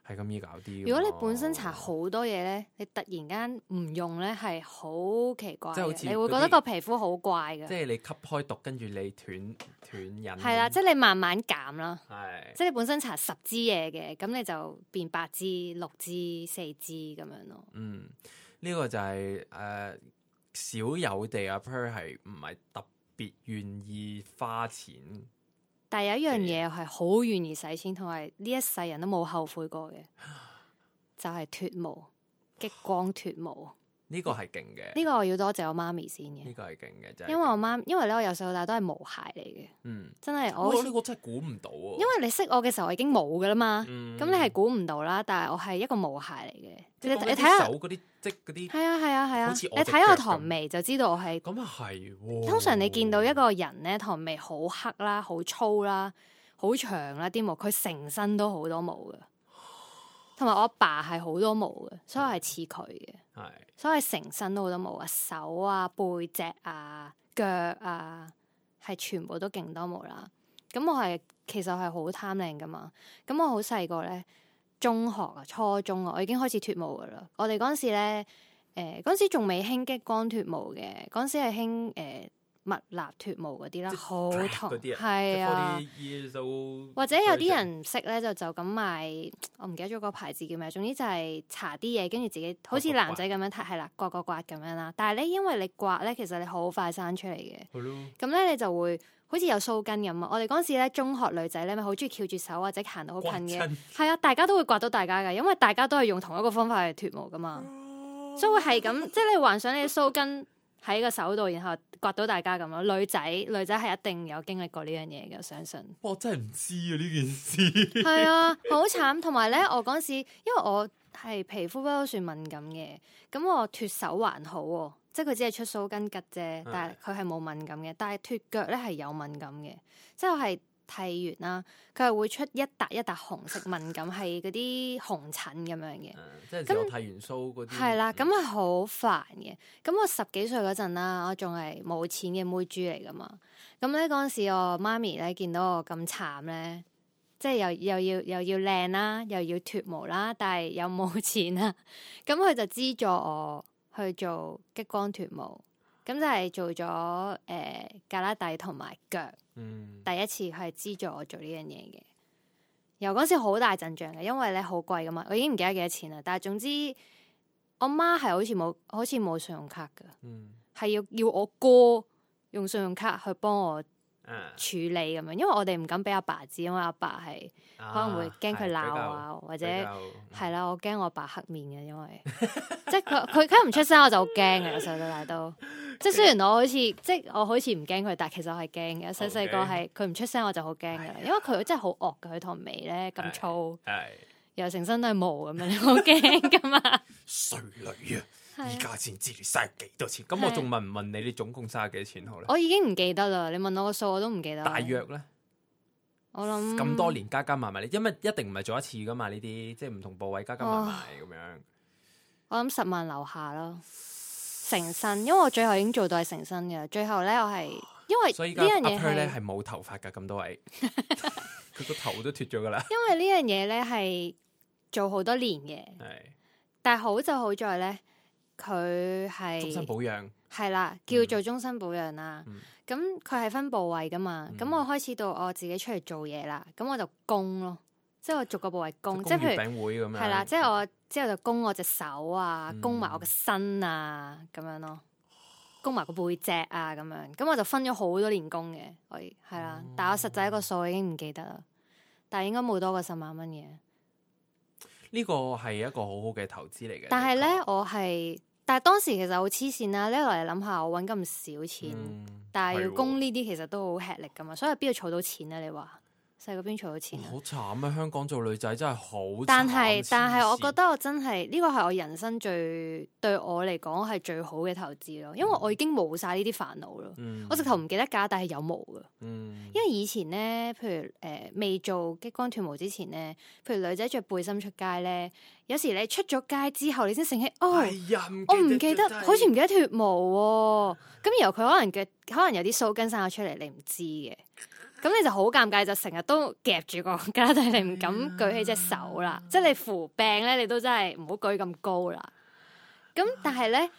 S1: 係咁易搞啲。如果你本身搽
S2: 好多嘢咧， 你突然間唔用咧，係好奇怪。即係好似你會覺得個皮膚好怪嘅。即係
S1: 你吸開毒，跟住你斷斷癮。係啦、啊，即
S2: 係你慢慢減啦。係是。即係你本身搽十支嘢嘅，咁你就變八支、六支、四支咁樣咯。嗯，
S1: 呢、呢個就係誒少有地啊，Per 係唔係特別願意花錢。
S2: 但有一樣嘢係好願意使錢，同埋呢一世人都冇後悔過嘅，就係脫毛，激光脫毛。
S1: 呢個係勁嘅，呢個
S2: 我要多謝我媽咪先
S1: 嘅。呢個係勁嘅，因
S2: 為我媽，因為咧我由細到大都係毛孩嚟嘅，嗯，真係我呢個真
S1: 係估唔到啊！因
S2: 為你識我嘅時候，已經冇㗎啦嘛，咁你係估唔到啦。但係我係一個毛孩嚟嘅，你睇下手嗰啲即嗰啲係啊係啊係啊，你睇我唐眉就知道我係咁啊
S1: 係喎。通常
S2: 你見到一個人咧，唐眉好黑啦、好粗啦、好長啦啲毛，佢成身都好多毛㗎，同埋我阿爸係好多毛㗎，所以係似佢嘅。所以成身都都冇啊，手啊、背脊啊、腳啊，係全部都勁多毛啦。咁我係其實係好貪靚噶嘛。咁我好細個咧，中學啊、初中啊，我已經開始脱毛噶啦。我哋嗰陣時咧，誒、呃，嗰陣時仲未興激光脱毛嘅，嗰陣時係興誒。呃蜜蠟脱毛嗰啲啦，好即痛，係啊，啊
S1: 或者有啲人
S2: 識咧，就就咁買，我唔記得咗個牌子叫咩。總之就係搽啲嘢，跟住自己好似男仔咁樣，係刮刮啦，刮刮刮咁樣啦。但係咧，因為你刮咧，其實你好快生出嚟嘅，咁咧嘍你就會好似有鬚根咁啊。我哋嗰陣時咧，中學女仔咧，咪好中意翹住手或者行到好近嘅，係啊，大家都會刮到大家㗎，因為大家都係用同一個方法去脱毛㗎嘛， 所以會係咁，即係你幻想你嘅鬚根。 喺個手度，然後刮到大家咁咯。女仔，女仔係一定有經歷過呢樣嘢嘅，我相信。
S1: 我真係唔知啊呢件事。係 啊，
S2: 好慘。同埋咧，我嗰時，因為我係皮膚都算敏感嘅，咁我脫手還好喎，即係佢只係出數根吉啫。是但係佢係冇敏感嘅，但係脫腳咧係有敏感嘅，即係我係。剃完啦，佢係會出一笪一笪紅色敏感，係嗰啲紅疹咁樣嘅，嗯。
S1: 即咁剃完鬚嗰啲係啦，
S2: 咁係好煩嘅。咁我十幾歲嗰陣啦，我仲係冇錢嘅妹豬嚟噶嘛。咁咧嗰陣時我媽咪咧見到我咁慘咧，即係又又要又要靚啦，又要脫毛啦，但係又冇錢啊。咁 佢就資助我去做激光脫毛。咁就係做咗誒，呃、胳肋底同埋腳，嗯、第一次佢係資助我做呢樣嘢嘅。由嗰時好大陣仗嘅，因為咧好貴噶嘛，我已經唔記得幾多錢啦。但係總之，我媽係好似冇，好似冇信用卡噶，係、嗯、要叫我哥用信用卡去幫我。處理咁樣，因為我哋唔敢俾阿爸知，因為阿爸係可能會驚佢鬧啊，或者係啦，我驚我阿爸黑面嘅，因為即係佢佢佢唔出聲，我就好驚嘅。由細到大都，即係雖然我好似即係我好似唔驚佢，但係其實我係驚嘅。細細個係佢唔出聲，我就好驚嘅，因為佢真係好惡嘅，佢條眉咧咁粗，又成身都係毛咁樣，好驚噶嘛。衰女啊！而
S1: 家先知你嘥幾多錢？咁的我仲問唔問你？你總共嘥幾多錢好咧？我已
S2: 經唔記得啦。你問我個數，我都唔記得。大約咧，我諗想咁多年
S1: 加加埋埋，你因為一定唔係做一次噶嘛。呢啲即係唔同部位加加埋埋咁樣。
S2: 我諗十萬樓下咯，成身。因為我最後已經做到係成身嘅。最後咧，我係因為呢樣嘢咧係
S1: 冇頭髮噶咁多位，佢個頭都脫咗噶啦。
S2: 因為是呢樣嘢咧係做好多年嘅，
S1: 係。
S2: 但係好就好在咧。佢係終身保養，係啦，叫做終身保養啦、啊。咁佢係分部位噶嘛？咁、嗯、我開始到我自己出嚟做嘢啦，咁我就供咯，即係我逐個部位供，即係供譬如餅
S1: 會咁樣係啦，即
S2: 係我之後就供我隻手啊，嗯、供埋我個身啊咁樣咯，供埋個背脊啊咁樣。咁我就分咗好多年供嘅，我係啦，哦、但係我實際一個數已經唔記得啦，但係應該冇多過十萬蚊嘅。
S1: 呢個係一個好好嘅投資嚟嘅，但係咧
S2: 我係。但係當時其實好黐線啦！呢一嚟諗下，我揾咁少錢，嗯、但係要供呢啲其實都好吃力噶嘛，嗯、所以邊度儲到錢啊？你話細個邊儲到錢、啊、好
S1: 慘啊！香港做女仔真係好慘，但係是經
S2: 但係我覺得我真係呢個係我人生最對我嚟講係最好嘅投資咯，嗯、因為我已經冇晒呢啲煩惱咯。嗯、我直頭唔記得假，但係有毛噶。嗯、因為以前呢，譬如誒、呃、未做激光脱毛之前呢，譬如女仔着背心出街呢。有時你出咗街之後，你先醒起，哦，哎、我唔記得，好似唔記得脱毛喎、哦。咁然後佢可能嘅，可能有啲鬚根生咗出嚟，你唔知嘅。咁你就好尷尬，就成日都夾住個家底，哈哈，你唔敢舉起隻手啦。嗯、即係你扶病咧，你都真係唔好舉咁高啦。咁但係咧，嗯、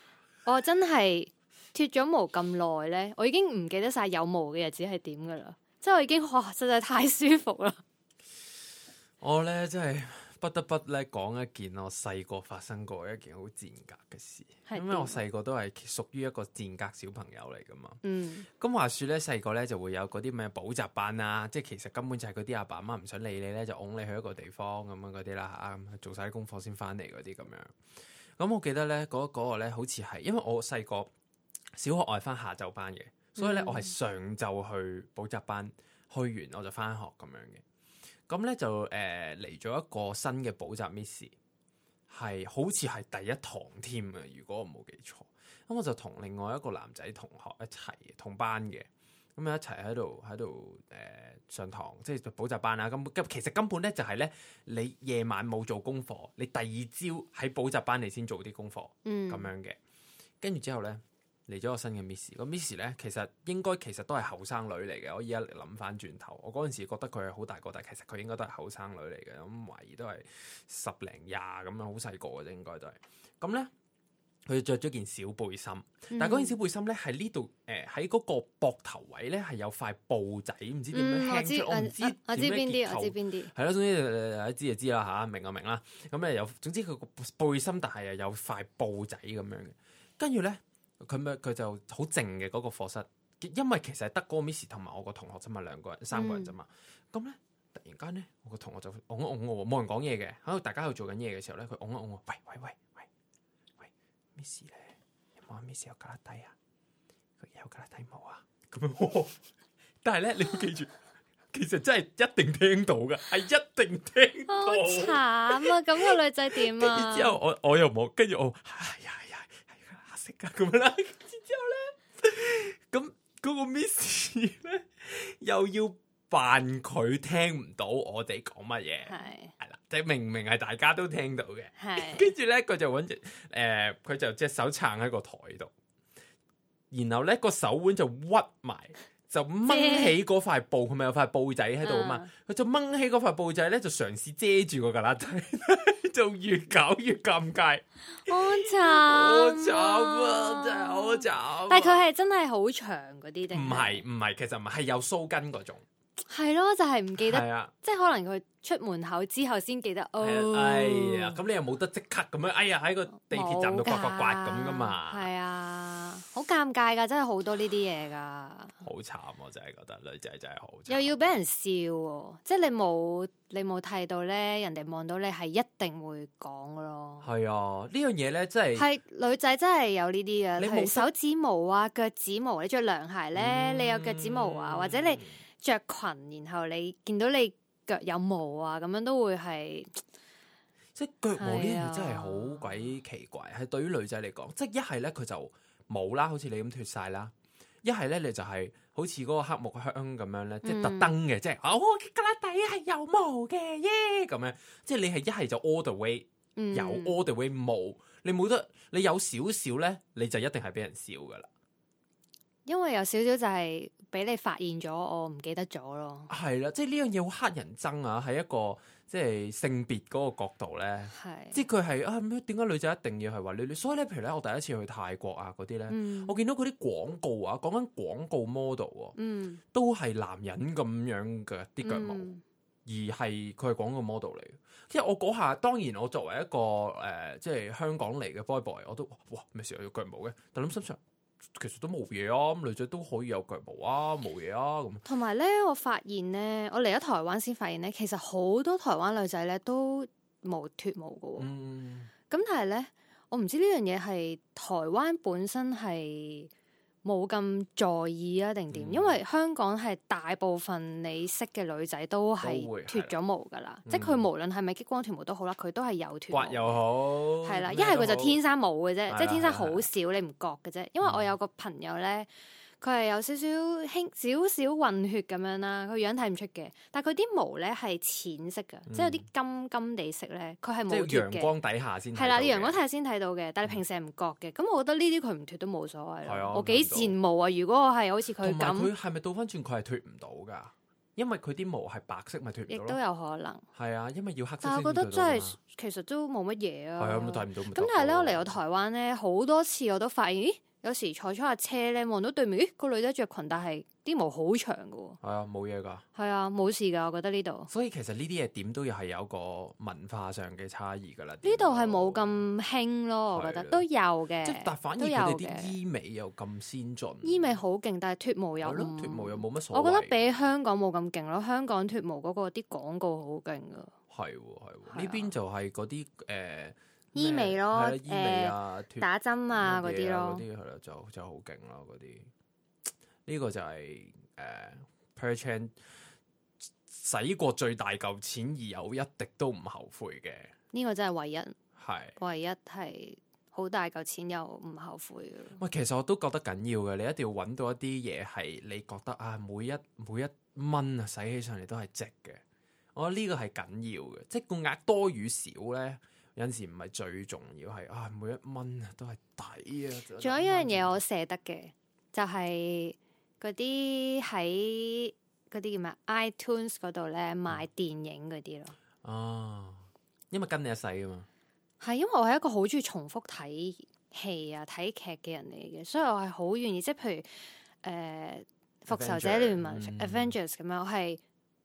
S2: 我真係脱咗毛咁耐咧，我已經唔記得晒有毛嘅日子係點㗎啦。即係我已經哇，真係太舒服啦。
S1: 我咧真係。不得不咧講一件我細個發生過一件好賤格嘅事，嗎因為我細個都係屬於一個賤格小朋友嚟噶嘛。咁、嗯、話説咧，細個咧就會有嗰啲咩補習班啊，即係其實根本就係嗰啲阿爸阿媽唔想理你咧，就拱你去一個地方咁樣嗰啲啦，啊、做晒啲功課先翻嚟嗰啲咁樣。咁我記得咧，嗰、嗰個咧、嗰個、好似係因為我細個小學我係翻下晝班嘅，嗯、所以咧我係上晝去補習班，去完我就翻學咁樣嘅。咁咧就誒嚟咗一個新嘅補習 Miss，係好似係第一堂添啊！如果我冇記錯，咁我就同另外一個男仔同學一齊同班嘅，咁啊一齊喺度喺度誒上堂，即係補習班啦。咁根本其實根本咧就係、是、咧，你夜晚冇做功課，你第二朝喺補習班嚟先做啲功課，嗯，咁樣嘅。跟住之後咧。嚟咗個新嘅 Miss，咁 Miss 咧其實應該其實都係後生女嚟嘅。我而家諗翻轉頭，我嗰陣時覺得佢係好大個大，但係其實佢應該都係後生女嚟嘅，咁懷疑都係十零廿咁樣，好細個嘅啫，應該都係。咁咧佢着咗件小背心，但係嗰件小背心咧係呢度誒，喺嗰、呃、個膊頭位咧係有塊布仔，唔知點樣、嗯。我知我知，我知我邊啲我知邊啲。係咯、啊，總之一知就知啦嚇，明啊明啦。咁咧有總之佢個背心，但係又有塊布仔咁樣嘅。跟住咧。佢咪佢就好靜嘅嗰個課室，因為其實係得個 Miss 同埋我個同學咋嘛，兩個人、三個人咋嘛，咁咧、mm. 突然間咧，我個同學就嗡嗡、啊、我，冇人講嘢嘅，喺度大家喺度做緊嘢嘅時候咧，佢嗡嗡我，喂喂喂喂喂，Miss 咧有冇 Miss 有夾拉低啊，佢有夾拉低冇啊，咁樣， 但係咧你要記住， 其實真係一定聽到嘅，係一定聽
S2: 到。好慘啊，咁個女仔點啊？ 然
S1: 後之後我我又冇，跟住我哎呀。咁樣啦， 之後咧，咁、那、嗰個 Miss 咧又要扮佢聽唔到我哋講乜嘢，係啦是，即係 明明係大家都聽到嘅，跟住咧佢就揾隻誒，佢、呃、就隻手撐喺個台度，然後咧個手腕就屈埋。就掹起嗰塊布，佢咪有塊布仔喺度啊嘛？佢就掹起嗰塊布仔咧，就嘗試遮住個格拉仔，就越搞越尷尬。
S2: 好慘，好慘啊！真係好慘。但係佢係真係好長嗰啲定？唔
S1: 係唔係，其實唔係，係有鬚根嗰種。
S2: 係咯，就係唔記得，係啊，即係可能佢出門口之後先記得。哦，哎呀，
S1: 咁你又冇得即刻咁樣，哎呀喺個地鐵站度刮刮刮咁噶嘛？係啊。
S2: 好尷尬噶真係好多呢啲嘢噶。
S1: 好慘案，我真係覺得女仔真係好。
S2: 又要俾人笑，啊、即係你冇你冇睇到咧，人哋望到你係一定會講噶咯。
S1: 係啊，呢樣嘢咧， 真係。係
S2: 女仔真係有呢啲啊。你冇手指毛啊，腳趾毛。你着涼鞋咧，你有腳趾毛啊，或者你着裙，然後你見到你腳有毛啊，咁樣都會係。即係腳毛呢樣嘢真係
S1: 好鬼奇怪，係、啊、對於女仔嚟講，即係一係咧佢就。冇啦，好似你咁脫晒啦。一係咧，你就係好似嗰個黑木香咁樣咧，嗯，即係特登嘅，即係我個底係有毛嘅，耶，yeah! 咁樣。即係你係一係就 all the way 有，嗯，all the way 冇，你冇得你有少少咧，你就一定係俾人笑噶啦。
S2: 因為有少少就係俾你發現咗，我唔記得咗咯。
S1: 係啦，即係呢樣嘢好乞人憎啊，係一個。即係性別嗰個角度
S2: 咧，是
S1: 即係佢係啊點解女仔一定要係話你？女？所以咧，譬如咧，我第一次去泰國啊嗰啲咧，呢嗯、我見到嗰啲廣告啊，講緊廣告 model 啊，嗯、都係男人咁樣嘅啲腳毛，嗯、而係佢係廣告 model 嚟嘅。即係我嗰下，當然我作為一個誒、呃，即係香港嚟嘅 boy boy，我都哇咩時候有腳毛嘅？但係諗心出其實都冇嘢啊，咁女仔都可以有腳毛啊，冇嘢啊咁。
S2: 同埋咧，我發現咧，我嚟咗台灣先發現咧，其實好多台灣女仔咧都冇脱毛噶喎。嗯，咁但係咧，我唔知呢樣嘢係台灣本身係。冇咁在意啊，定點？嗯、因為香港係大部分你識嘅女仔都係脫咗毛噶啦，即係佢無論係咪激光脫毛都好啦，佢都係有脫毛。刮
S1: 又好，係啦的，一係佢就天
S2: 生冇嘅啫，嗯、即係天生好少，嗯、你唔覺嘅啫。嗯、因為我有個朋友咧。佢係有少少輕少少混血咁樣啦，佢樣睇唔出嘅，但係佢啲毛咧係淺色嘅，嗯、即係有啲金金地色咧，佢係冇脱陽光底
S1: 下先。係啦，陽
S2: 光底下先睇到嘅，啦到但你平時係唔覺嘅。咁、嗯、我覺得呢啲佢唔脱都冇所謂。係啊。我幾羨慕啊！如果我係好似佢咁。同埋佢
S1: 係咪倒翻轉佢係脱唔到噶？因為佢啲毛係白色，咪脱唔到。亦都有可能。係啊，因為要黑色。但係我覺得真
S2: 係其實都冇乜嘢啊。係啊，都睇唔到。咁但係咧，我嚟到台灣咧好多次，我都發現。咦有時坐坐下車咧，望到對面，咦，個女仔着裙，但係啲毛好長噶。
S1: 係啊，冇嘢噶。
S2: 係啊，冇事噶，我覺得呢度。所以其
S1: 實呢啲嘢點都要係有個文化上嘅差異噶啦。
S2: 呢度係冇咁興咯，係啊，我覺得都有嘅。即係但係反而有啲醫
S1: 美又咁先進。醫
S2: 美 好勁，但係脱毛又唔脱
S1: 毛又冇乜所謂。我覺得
S2: 比香港冇咁勁咯，香港脱毛嗰個啲廣告好勁噶。
S1: 係係，呢邊就係嗰啲誒。
S2: 醫美咯，醫美啊，打針啊，嗰啲咯，嗰啲
S1: 係啦，就就好勁咯，嗰啲。呢個就係誒，Per 使過最大嚿錢而有一滴都唔後悔嘅。
S2: 呢個真係唯一，係唯一係好大嚿錢又唔後悔嘅。
S1: 喂，其實我都覺得緊要嘅，你一定要揾到一啲嘢係你覺得啊，每一每一蚊啊，使起上嚟都係值嘅。我覺得呢個係緊要嘅，即係金額多與少咧。有時唔係最重要係啊，每一蚊都係抵啊！仲有一樣
S2: 嘢我捨得嘅，就係嗰啲喺嗰啲叫咩 iTunes 嗰度咧買電影嗰啲咯。
S1: 哦，因為跟你一世啊嘛。
S2: 係因為我係一個好中意重複睇戲啊、睇劇嘅人嚟嘅，所以我係好願意，即係譬如誒、呃《復仇者聯盟》（Avengers） 咁、嗯、樣，我係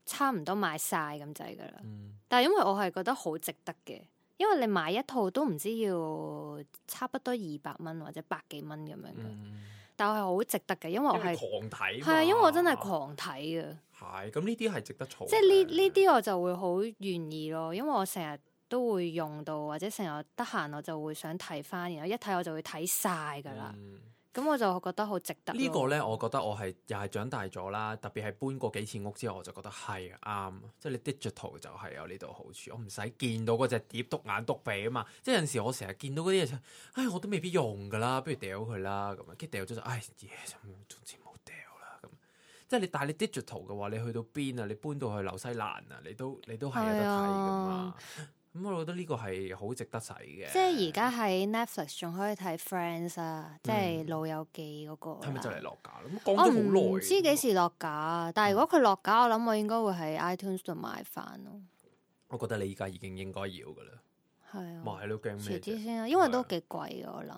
S2: 差唔多買晒咁滯噶啦。嗯、但係因為我係覺得好值得嘅。因為你買一套都唔知要差不多二百蚊或者百幾蚊咁樣嘅，嗯、但係好值得嘅，因為我係狂
S1: 睇，係啊，因為我真係
S2: 狂睇嘅。
S1: 係、啊，咁呢啲係值得儲。即係呢
S2: 呢啲我就會好願意咯，因為我成日都會用到，或者成日得閒我就會想睇翻，然後一睇我就會睇晒噶啦。嗯咁我就覺得好值得。個呢個咧，
S1: 我覺得我係又係長大咗啦，特別係搬過幾次屋之後，我就覺得係啱、啊。即係你 digital 就係有呢度好處，我唔使見到嗰隻碟篤眼篤鼻啊嘛。即係有陣時我成日見到嗰啲嘢，唉，我都未必用噶啦，不如掉佢啦咁。跟住掉咗就唉，咦、yes，總之冇掉啦咁。即係你但係你 digital 嘅話，你去到邊啊？你搬到去紐西蘭啊？你都你都係有得睇噶嘛。咁我覺得呢個係好值得使嘅。即係而
S2: 家喺 Netflix 仲可以睇 Friends 啊，嗯、即係老友記嗰、嗰個。係咪就嚟落架啦？講咗好耐。我唔知幾時落架，但係如果佢落架，嗯、我諗我應該會喺 iTunes 度買翻咯、
S1: 啊。我覺得你而家已經應該要嘅啦。係啊，買都驚咩？遲
S2: 啲先啊，因為都幾貴嘅、啊、我諗想。
S1: 誒、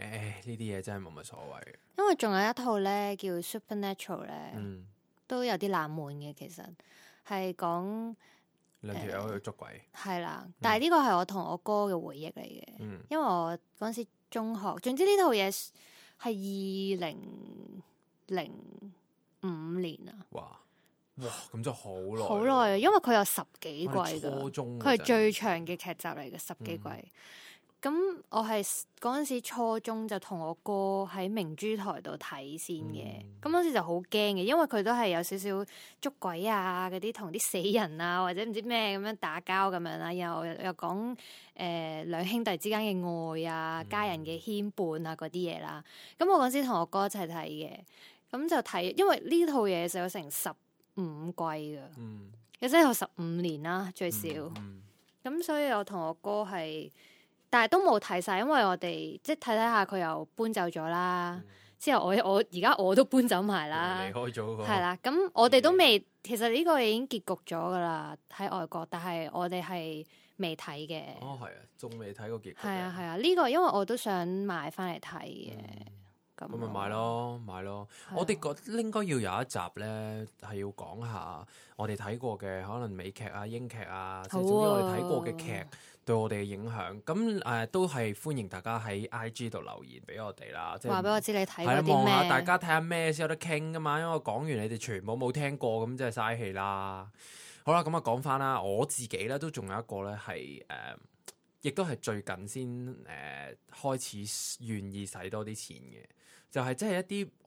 S1: 哎，呢啲嘢真係冇乜所謂。
S2: 因為仲有一套咧叫 Supernatural 咧，嗯、都有啲冷門嘅，其實係講。
S1: 兩條友去捉鬼、
S2: 嗯，係啦了，但係呢個係我同我哥嘅回憶嚟嘅，嗯、因為我嗰陣時中學，總之呢套嘢係二零零五年啊，哇，
S1: 哇，咁就好耐，好耐，
S2: 因為佢有十幾季嘅，初中，佢係、啊、最長嘅劇集嚟嘅，十幾季。嗯咁我係嗰陣時初中就同我哥喺明珠台度睇先嘅，咁嗰陣時就好驚嘅，因為佢都係有少少捉鬼啊，嗰啲同啲死人啊，或者唔知咩咁樣打交咁樣啦，又又講誒兩兄弟之間嘅愛啊，嗯、家人嘅牽絆啊嗰啲嘢啦，咁我嗰陣時同我哥一齊睇嘅，咁就睇，因為呢套嘢就有成十五季噶，要真係有十五年啦、啊、最少，咁、嗯嗯嗯、所以我同我哥係。但係都冇睇晒，因為我哋即係睇睇下佢又搬走咗啦。嗯、之後我我而家我都搬走埋啦，
S1: 離開咗、嗰個。係啦，
S2: 咁我哋都未，嗯、其實呢個已經結局咗噶啦，喺外國。但係我哋係未睇嘅。哦，
S1: 係啊，仲未睇過結局。
S2: 係啊，係啊，呢、呢個因為我都想買翻嚟睇嘅。咁咪、嗯、買咯，
S1: 買咯。的我哋覺得應該要有一集咧，係要講下我哋睇過嘅可能美劇啊、英劇啊，哦、我哋睇過嘅劇。對我哋嘅影響咁，誒，都係歡迎大家喺 I G 度留言俾我哋啦。即係話俾我知你睇過啲咩？啊、望下大家睇下咩先有得傾噶嘛？因為我講完你哋全部冇聽過，咁即係嘥氣啦。好啦，咁啊講翻啦，我自己咧都仲有一個咧係誒，亦都係最近先誒、呃、開始願意使多啲錢嘅，就係、是、即係一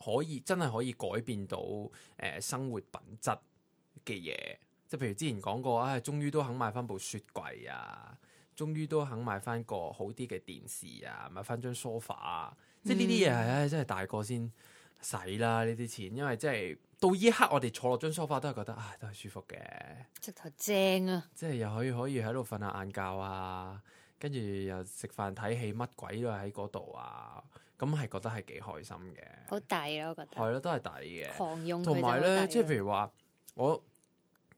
S1: 啲可以真係可以改變到誒、呃、生活品質嘅嘢，即係譬如之前講過啊，終、呃、於都肯買翻部雪櫃啊。終於都肯買翻個好啲嘅電視啊，買翻張 sofa 啊，即係呢啲嘢係真係大個先使啦呢啲錢，因為即係到依刻我哋坐落張 sofa 都係覺得啊，都係舒服嘅，
S2: 直頭正啊，
S1: 即係又可以可以喺度瞓下晏覺啊，跟住又食飯睇戲乜鬼都喺嗰度啊，咁係覺得係幾開心嘅，
S2: 好抵咯，
S1: 我覺得係咯，都係抵嘅，狂用同埋咧，即係譬如話我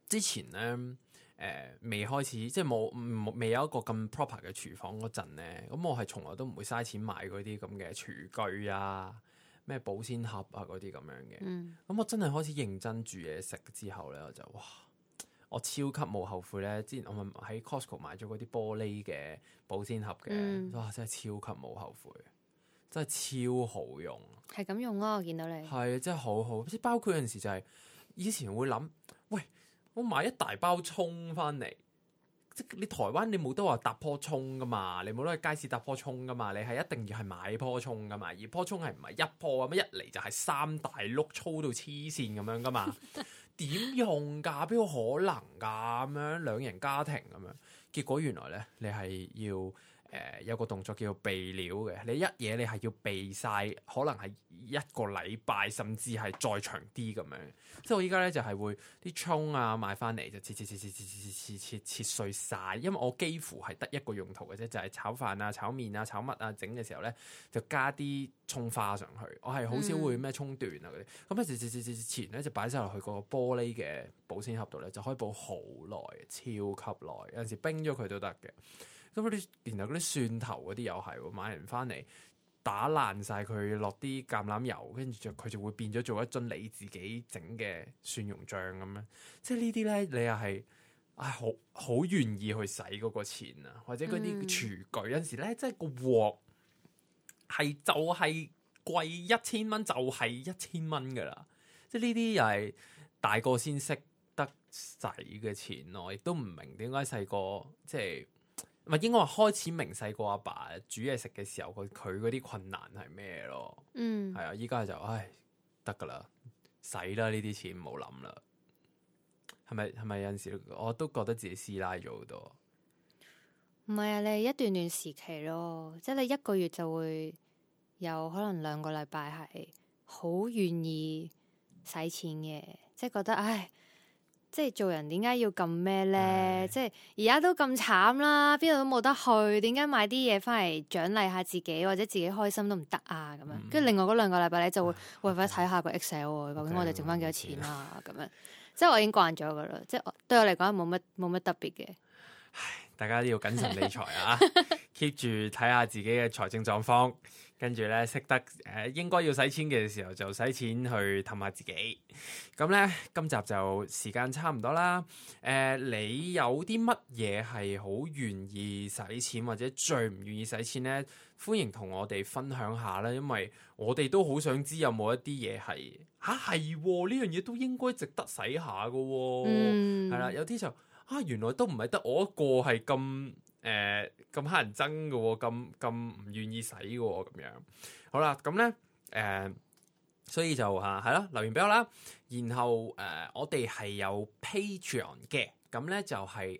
S1: 之前咧。誒、呃，未開始即係冇，未有一個咁 proper 嘅廚房嗰陣咧，咁我係從來都唔會嘥錢買嗰啲咁嘅廚具啊，咩保鮮盒啊嗰啲咁樣嘅。咁、嗯、我真係開始認真煮嘢食之後咧，我就哇，我超級冇後悔咧。之前我咪喺 Costco 買咗嗰啲玻璃嘅保鮮盒嘅，嗯、哇，真係超級冇後悔，真係超好用，
S2: 係咁用咯。我見到你
S1: 係真係好好，即係包括有陣時就係以前會諗，喂。我買一大包葱，翻嚟，即你台灣你冇得話搭樖葱噶嘛，你冇得去街市搭樖葱噶嘛，你係一定要係買樖葱噶嘛，而樖葱係唔係一樖咁樣，一嚟就係三大碌粗到黐線咁樣噶嘛，點 用噶？邊有可能噶咁樣兩人家庭咁樣？結果原來咧，你係要。誒有個動作叫做備料嘅，你一嘢你係要備晒，可能係一個禮拜，甚至係再長啲咁樣。即係我依家咧就係會啲葱啊買翻嚟就切切切切切切碎晒，因為我幾乎係得一個用途嘅啫，就係炒飯啊、炒麵啊、炒乜啊整嘅時候咧就加啲葱花上去。我係好少會咩葱段啊嗰啲。咁一時時時時前咧就擺晒落去個玻璃嘅保鮮盒度咧，就可以保好耐，超級耐。有陣時冰咗佢都得嘅。咁啲，然後嗰啲蒜頭嗰啲又係買完翻嚟打爛晒佢，落啲橄欖油，跟住就佢就會變咗做一樽你自己整嘅蒜蓉醬咁樣。即係呢啲咧，你又係啊，好好願意去使嗰個錢啊，或者嗰啲廚具有時咧，嗯、即係個鑊係就係、是、貴一千蚊，就係、是、一千蚊㗎喇。即係呢啲又係大個先識得使嘅錢咯，亦都唔明點解細個即係。唔係應該話開始明細過阿爸，爸煮嘢食嘅時候，個佢嗰啲困難係咩咯？嗯，係啊，依家就唉得噶啦，使啦呢啲錢唔好諗啦。係咪係咪有陣時我都覺得自己師奶咗好多。
S2: 唔係啊，你一段段時期咯，即係你一個月就會有可能兩個禮拜係好願意使錢嘅，即係覺得唉。即係做人點解要咁咩咧？是的 即係而家都咁慘啦，邊度都冇得去，點解買啲嘢翻嚟獎勵下自己或者自己開心都唔得啊？咁樣跟住、嗯、另外嗰兩個禮拜咧就會會翻睇下個 Excel，究竟我哋剩翻幾多錢啊？咁的樣即係我已經慣咗噶啦，即係 對我嚟講冇乜冇乜特別嘅。唉，
S1: 大家都要謹慎理財啊，keep 住睇下自己嘅財政狀況。跟住咧，識得誒、呃，應該要使錢嘅時候就使錢去氹下自己。咁咧，今集就時間差唔多啦。誒、呃，你有啲乜嘢係好願意使錢，或者最唔願意使錢咧？歡迎同我哋分享下啦，因為我哋都好想知有冇一啲嘢係嚇係呢樣嘢都應該值得使下嘅、喎。嗯，係啦，有啲就啊，原來都唔係得我一個係咁。誒咁乞人憎嘅喎，咁咁唔願意使嘅喎，咁樣好啦，咁咧誒，所以就嚇係咯，留言俾我啦，然後誒、呃、我哋係有 Patreon 嘅，咁咧就係誒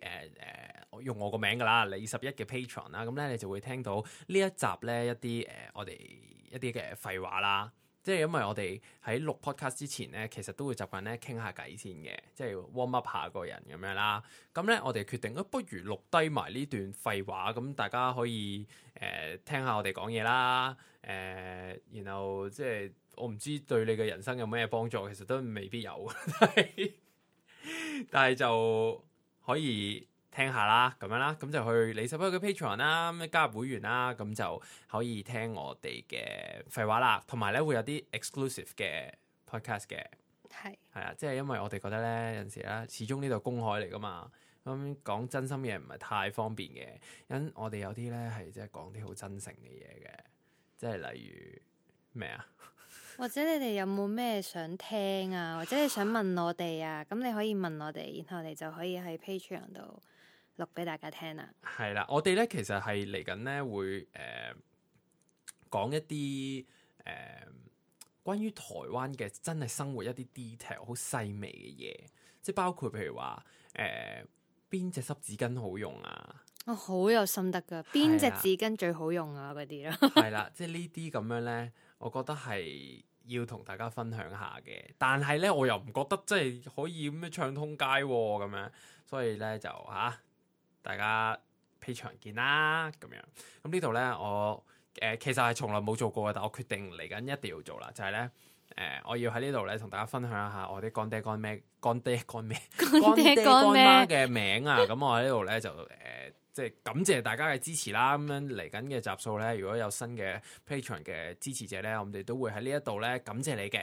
S1: 誒用我個名㗎啦，李十一嘅 Patreon 啦，咁咧你就會聽到呢一集咧一啲誒、呃、我哋一啲嘅廢話啦。即係因為我哋喺錄 podcast 之前咧，其實都會習慣咧傾下偈先嘅，即係 warm up 下個人咁樣啦。咁咧，我哋決定啊，不如錄低埋呢段廢話，咁大家可以誒、呃、聽下我哋講嘢啦。誒、呃，然後即係我唔知對你嘅人生有咩幫助，其實都未必有，但係但係就可以。聽下啦，咁樣啦，咁就去你十倍嘅 Patreon 啦，咁加入會員啦，咁就可以聽我哋嘅廢話啦，同埋咧會有啲 exclusive 嘅 podcast 嘅，係是，係啊，即係因為我哋覺得咧有陣時咧，始終呢度公開嚟噶嘛，咁、嗯、講真心嘢唔係太方便嘅，因我哋有啲咧係即係講啲好真誠嘅嘢嘅，即係例如咩啊，
S2: 或者你哋有冇咩想聽啊，或者你想問我哋啊，咁 你可以問我哋，然後你就可以喺 Patreon 度。錄俾大家聽啊，
S1: 係啦，我哋咧其實係嚟緊咧會誒講、呃、一啲誒、呃、關於台灣嘅真係生活一啲 detail 好細微嘅嘢，即係包括譬如話誒邊隻濕紙巾好用啊，
S2: 我好、哦、有心得噶，邊隻紙巾最好用啊嗰啲咯，係啦的， 即係呢啲
S1: 咁樣咧，我覺得係要同大家分享下嘅，但係咧我又唔覺得即係可以咁樣唱通街咁、啊、樣，所以咧就吓。啊大家 Patreon 見啦，咁樣咁、嗯、呢度咧，我誒、呃、其實係從來冇做過嘅，但我決定嚟緊一定要做啦，就係咧誒，我要喺呢度咧同大家分享一下我啲乾爹乾咩，乾爹乾咩，乾爹乾媽嘅名啊！咁、啊嗯、我喺呢度咧就誒，即、呃、係、就是、感謝大家嘅支持啦。咁樣嚟緊嘅集數咧，如果有新嘅 Patreon 嘅支持者咧，我哋都會喺呢一度咧感謝你嘅。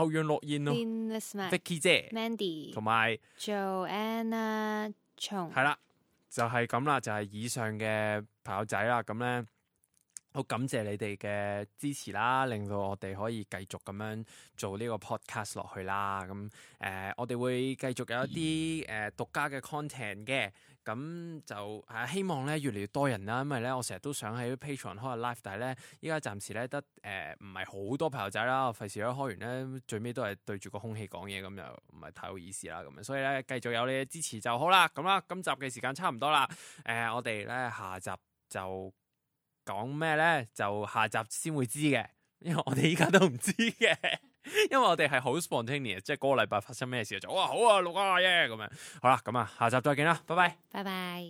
S1: 歐陽樂燕
S2: 咯，Vicky 姐，Mandy，同埋 Joanna，重係
S1: 啦，就係咁啦，就係、是、以上嘅朋友仔啦，咁咧好感謝你哋嘅支持啦，令到我哋可以繼續咁樣做呢個 podcast 落去啦，咁誒、呃，我哋會繼續有一啲誒獨家嘅 content 嘅。咁就係、啊、希望咧，越嚟越多人啦。因為咧，我成日都想喺 Patreon 開個 live，但係咧，依家暫時咧得誒，唔係好多朋友仔啦。費事咧開完咧，最尾都係對住個空氣講嘢，咁又唔係太好意思啦。咁所以咧，繼續有你嘅支持就好啦。咁啦，今集嘅時間差唔多啦。誒、呃，我哋咧下集就講咩咧？就下集先會知嘅，因為我哋依家都唔知嘅。 因為我哋係好 spontaneous，即係嗰個禮拜發生咩事就哇，好啊。好啊六啊
S2: 耶咁樣，好啦，咁啊下集再見啦，拜拜，拜拜。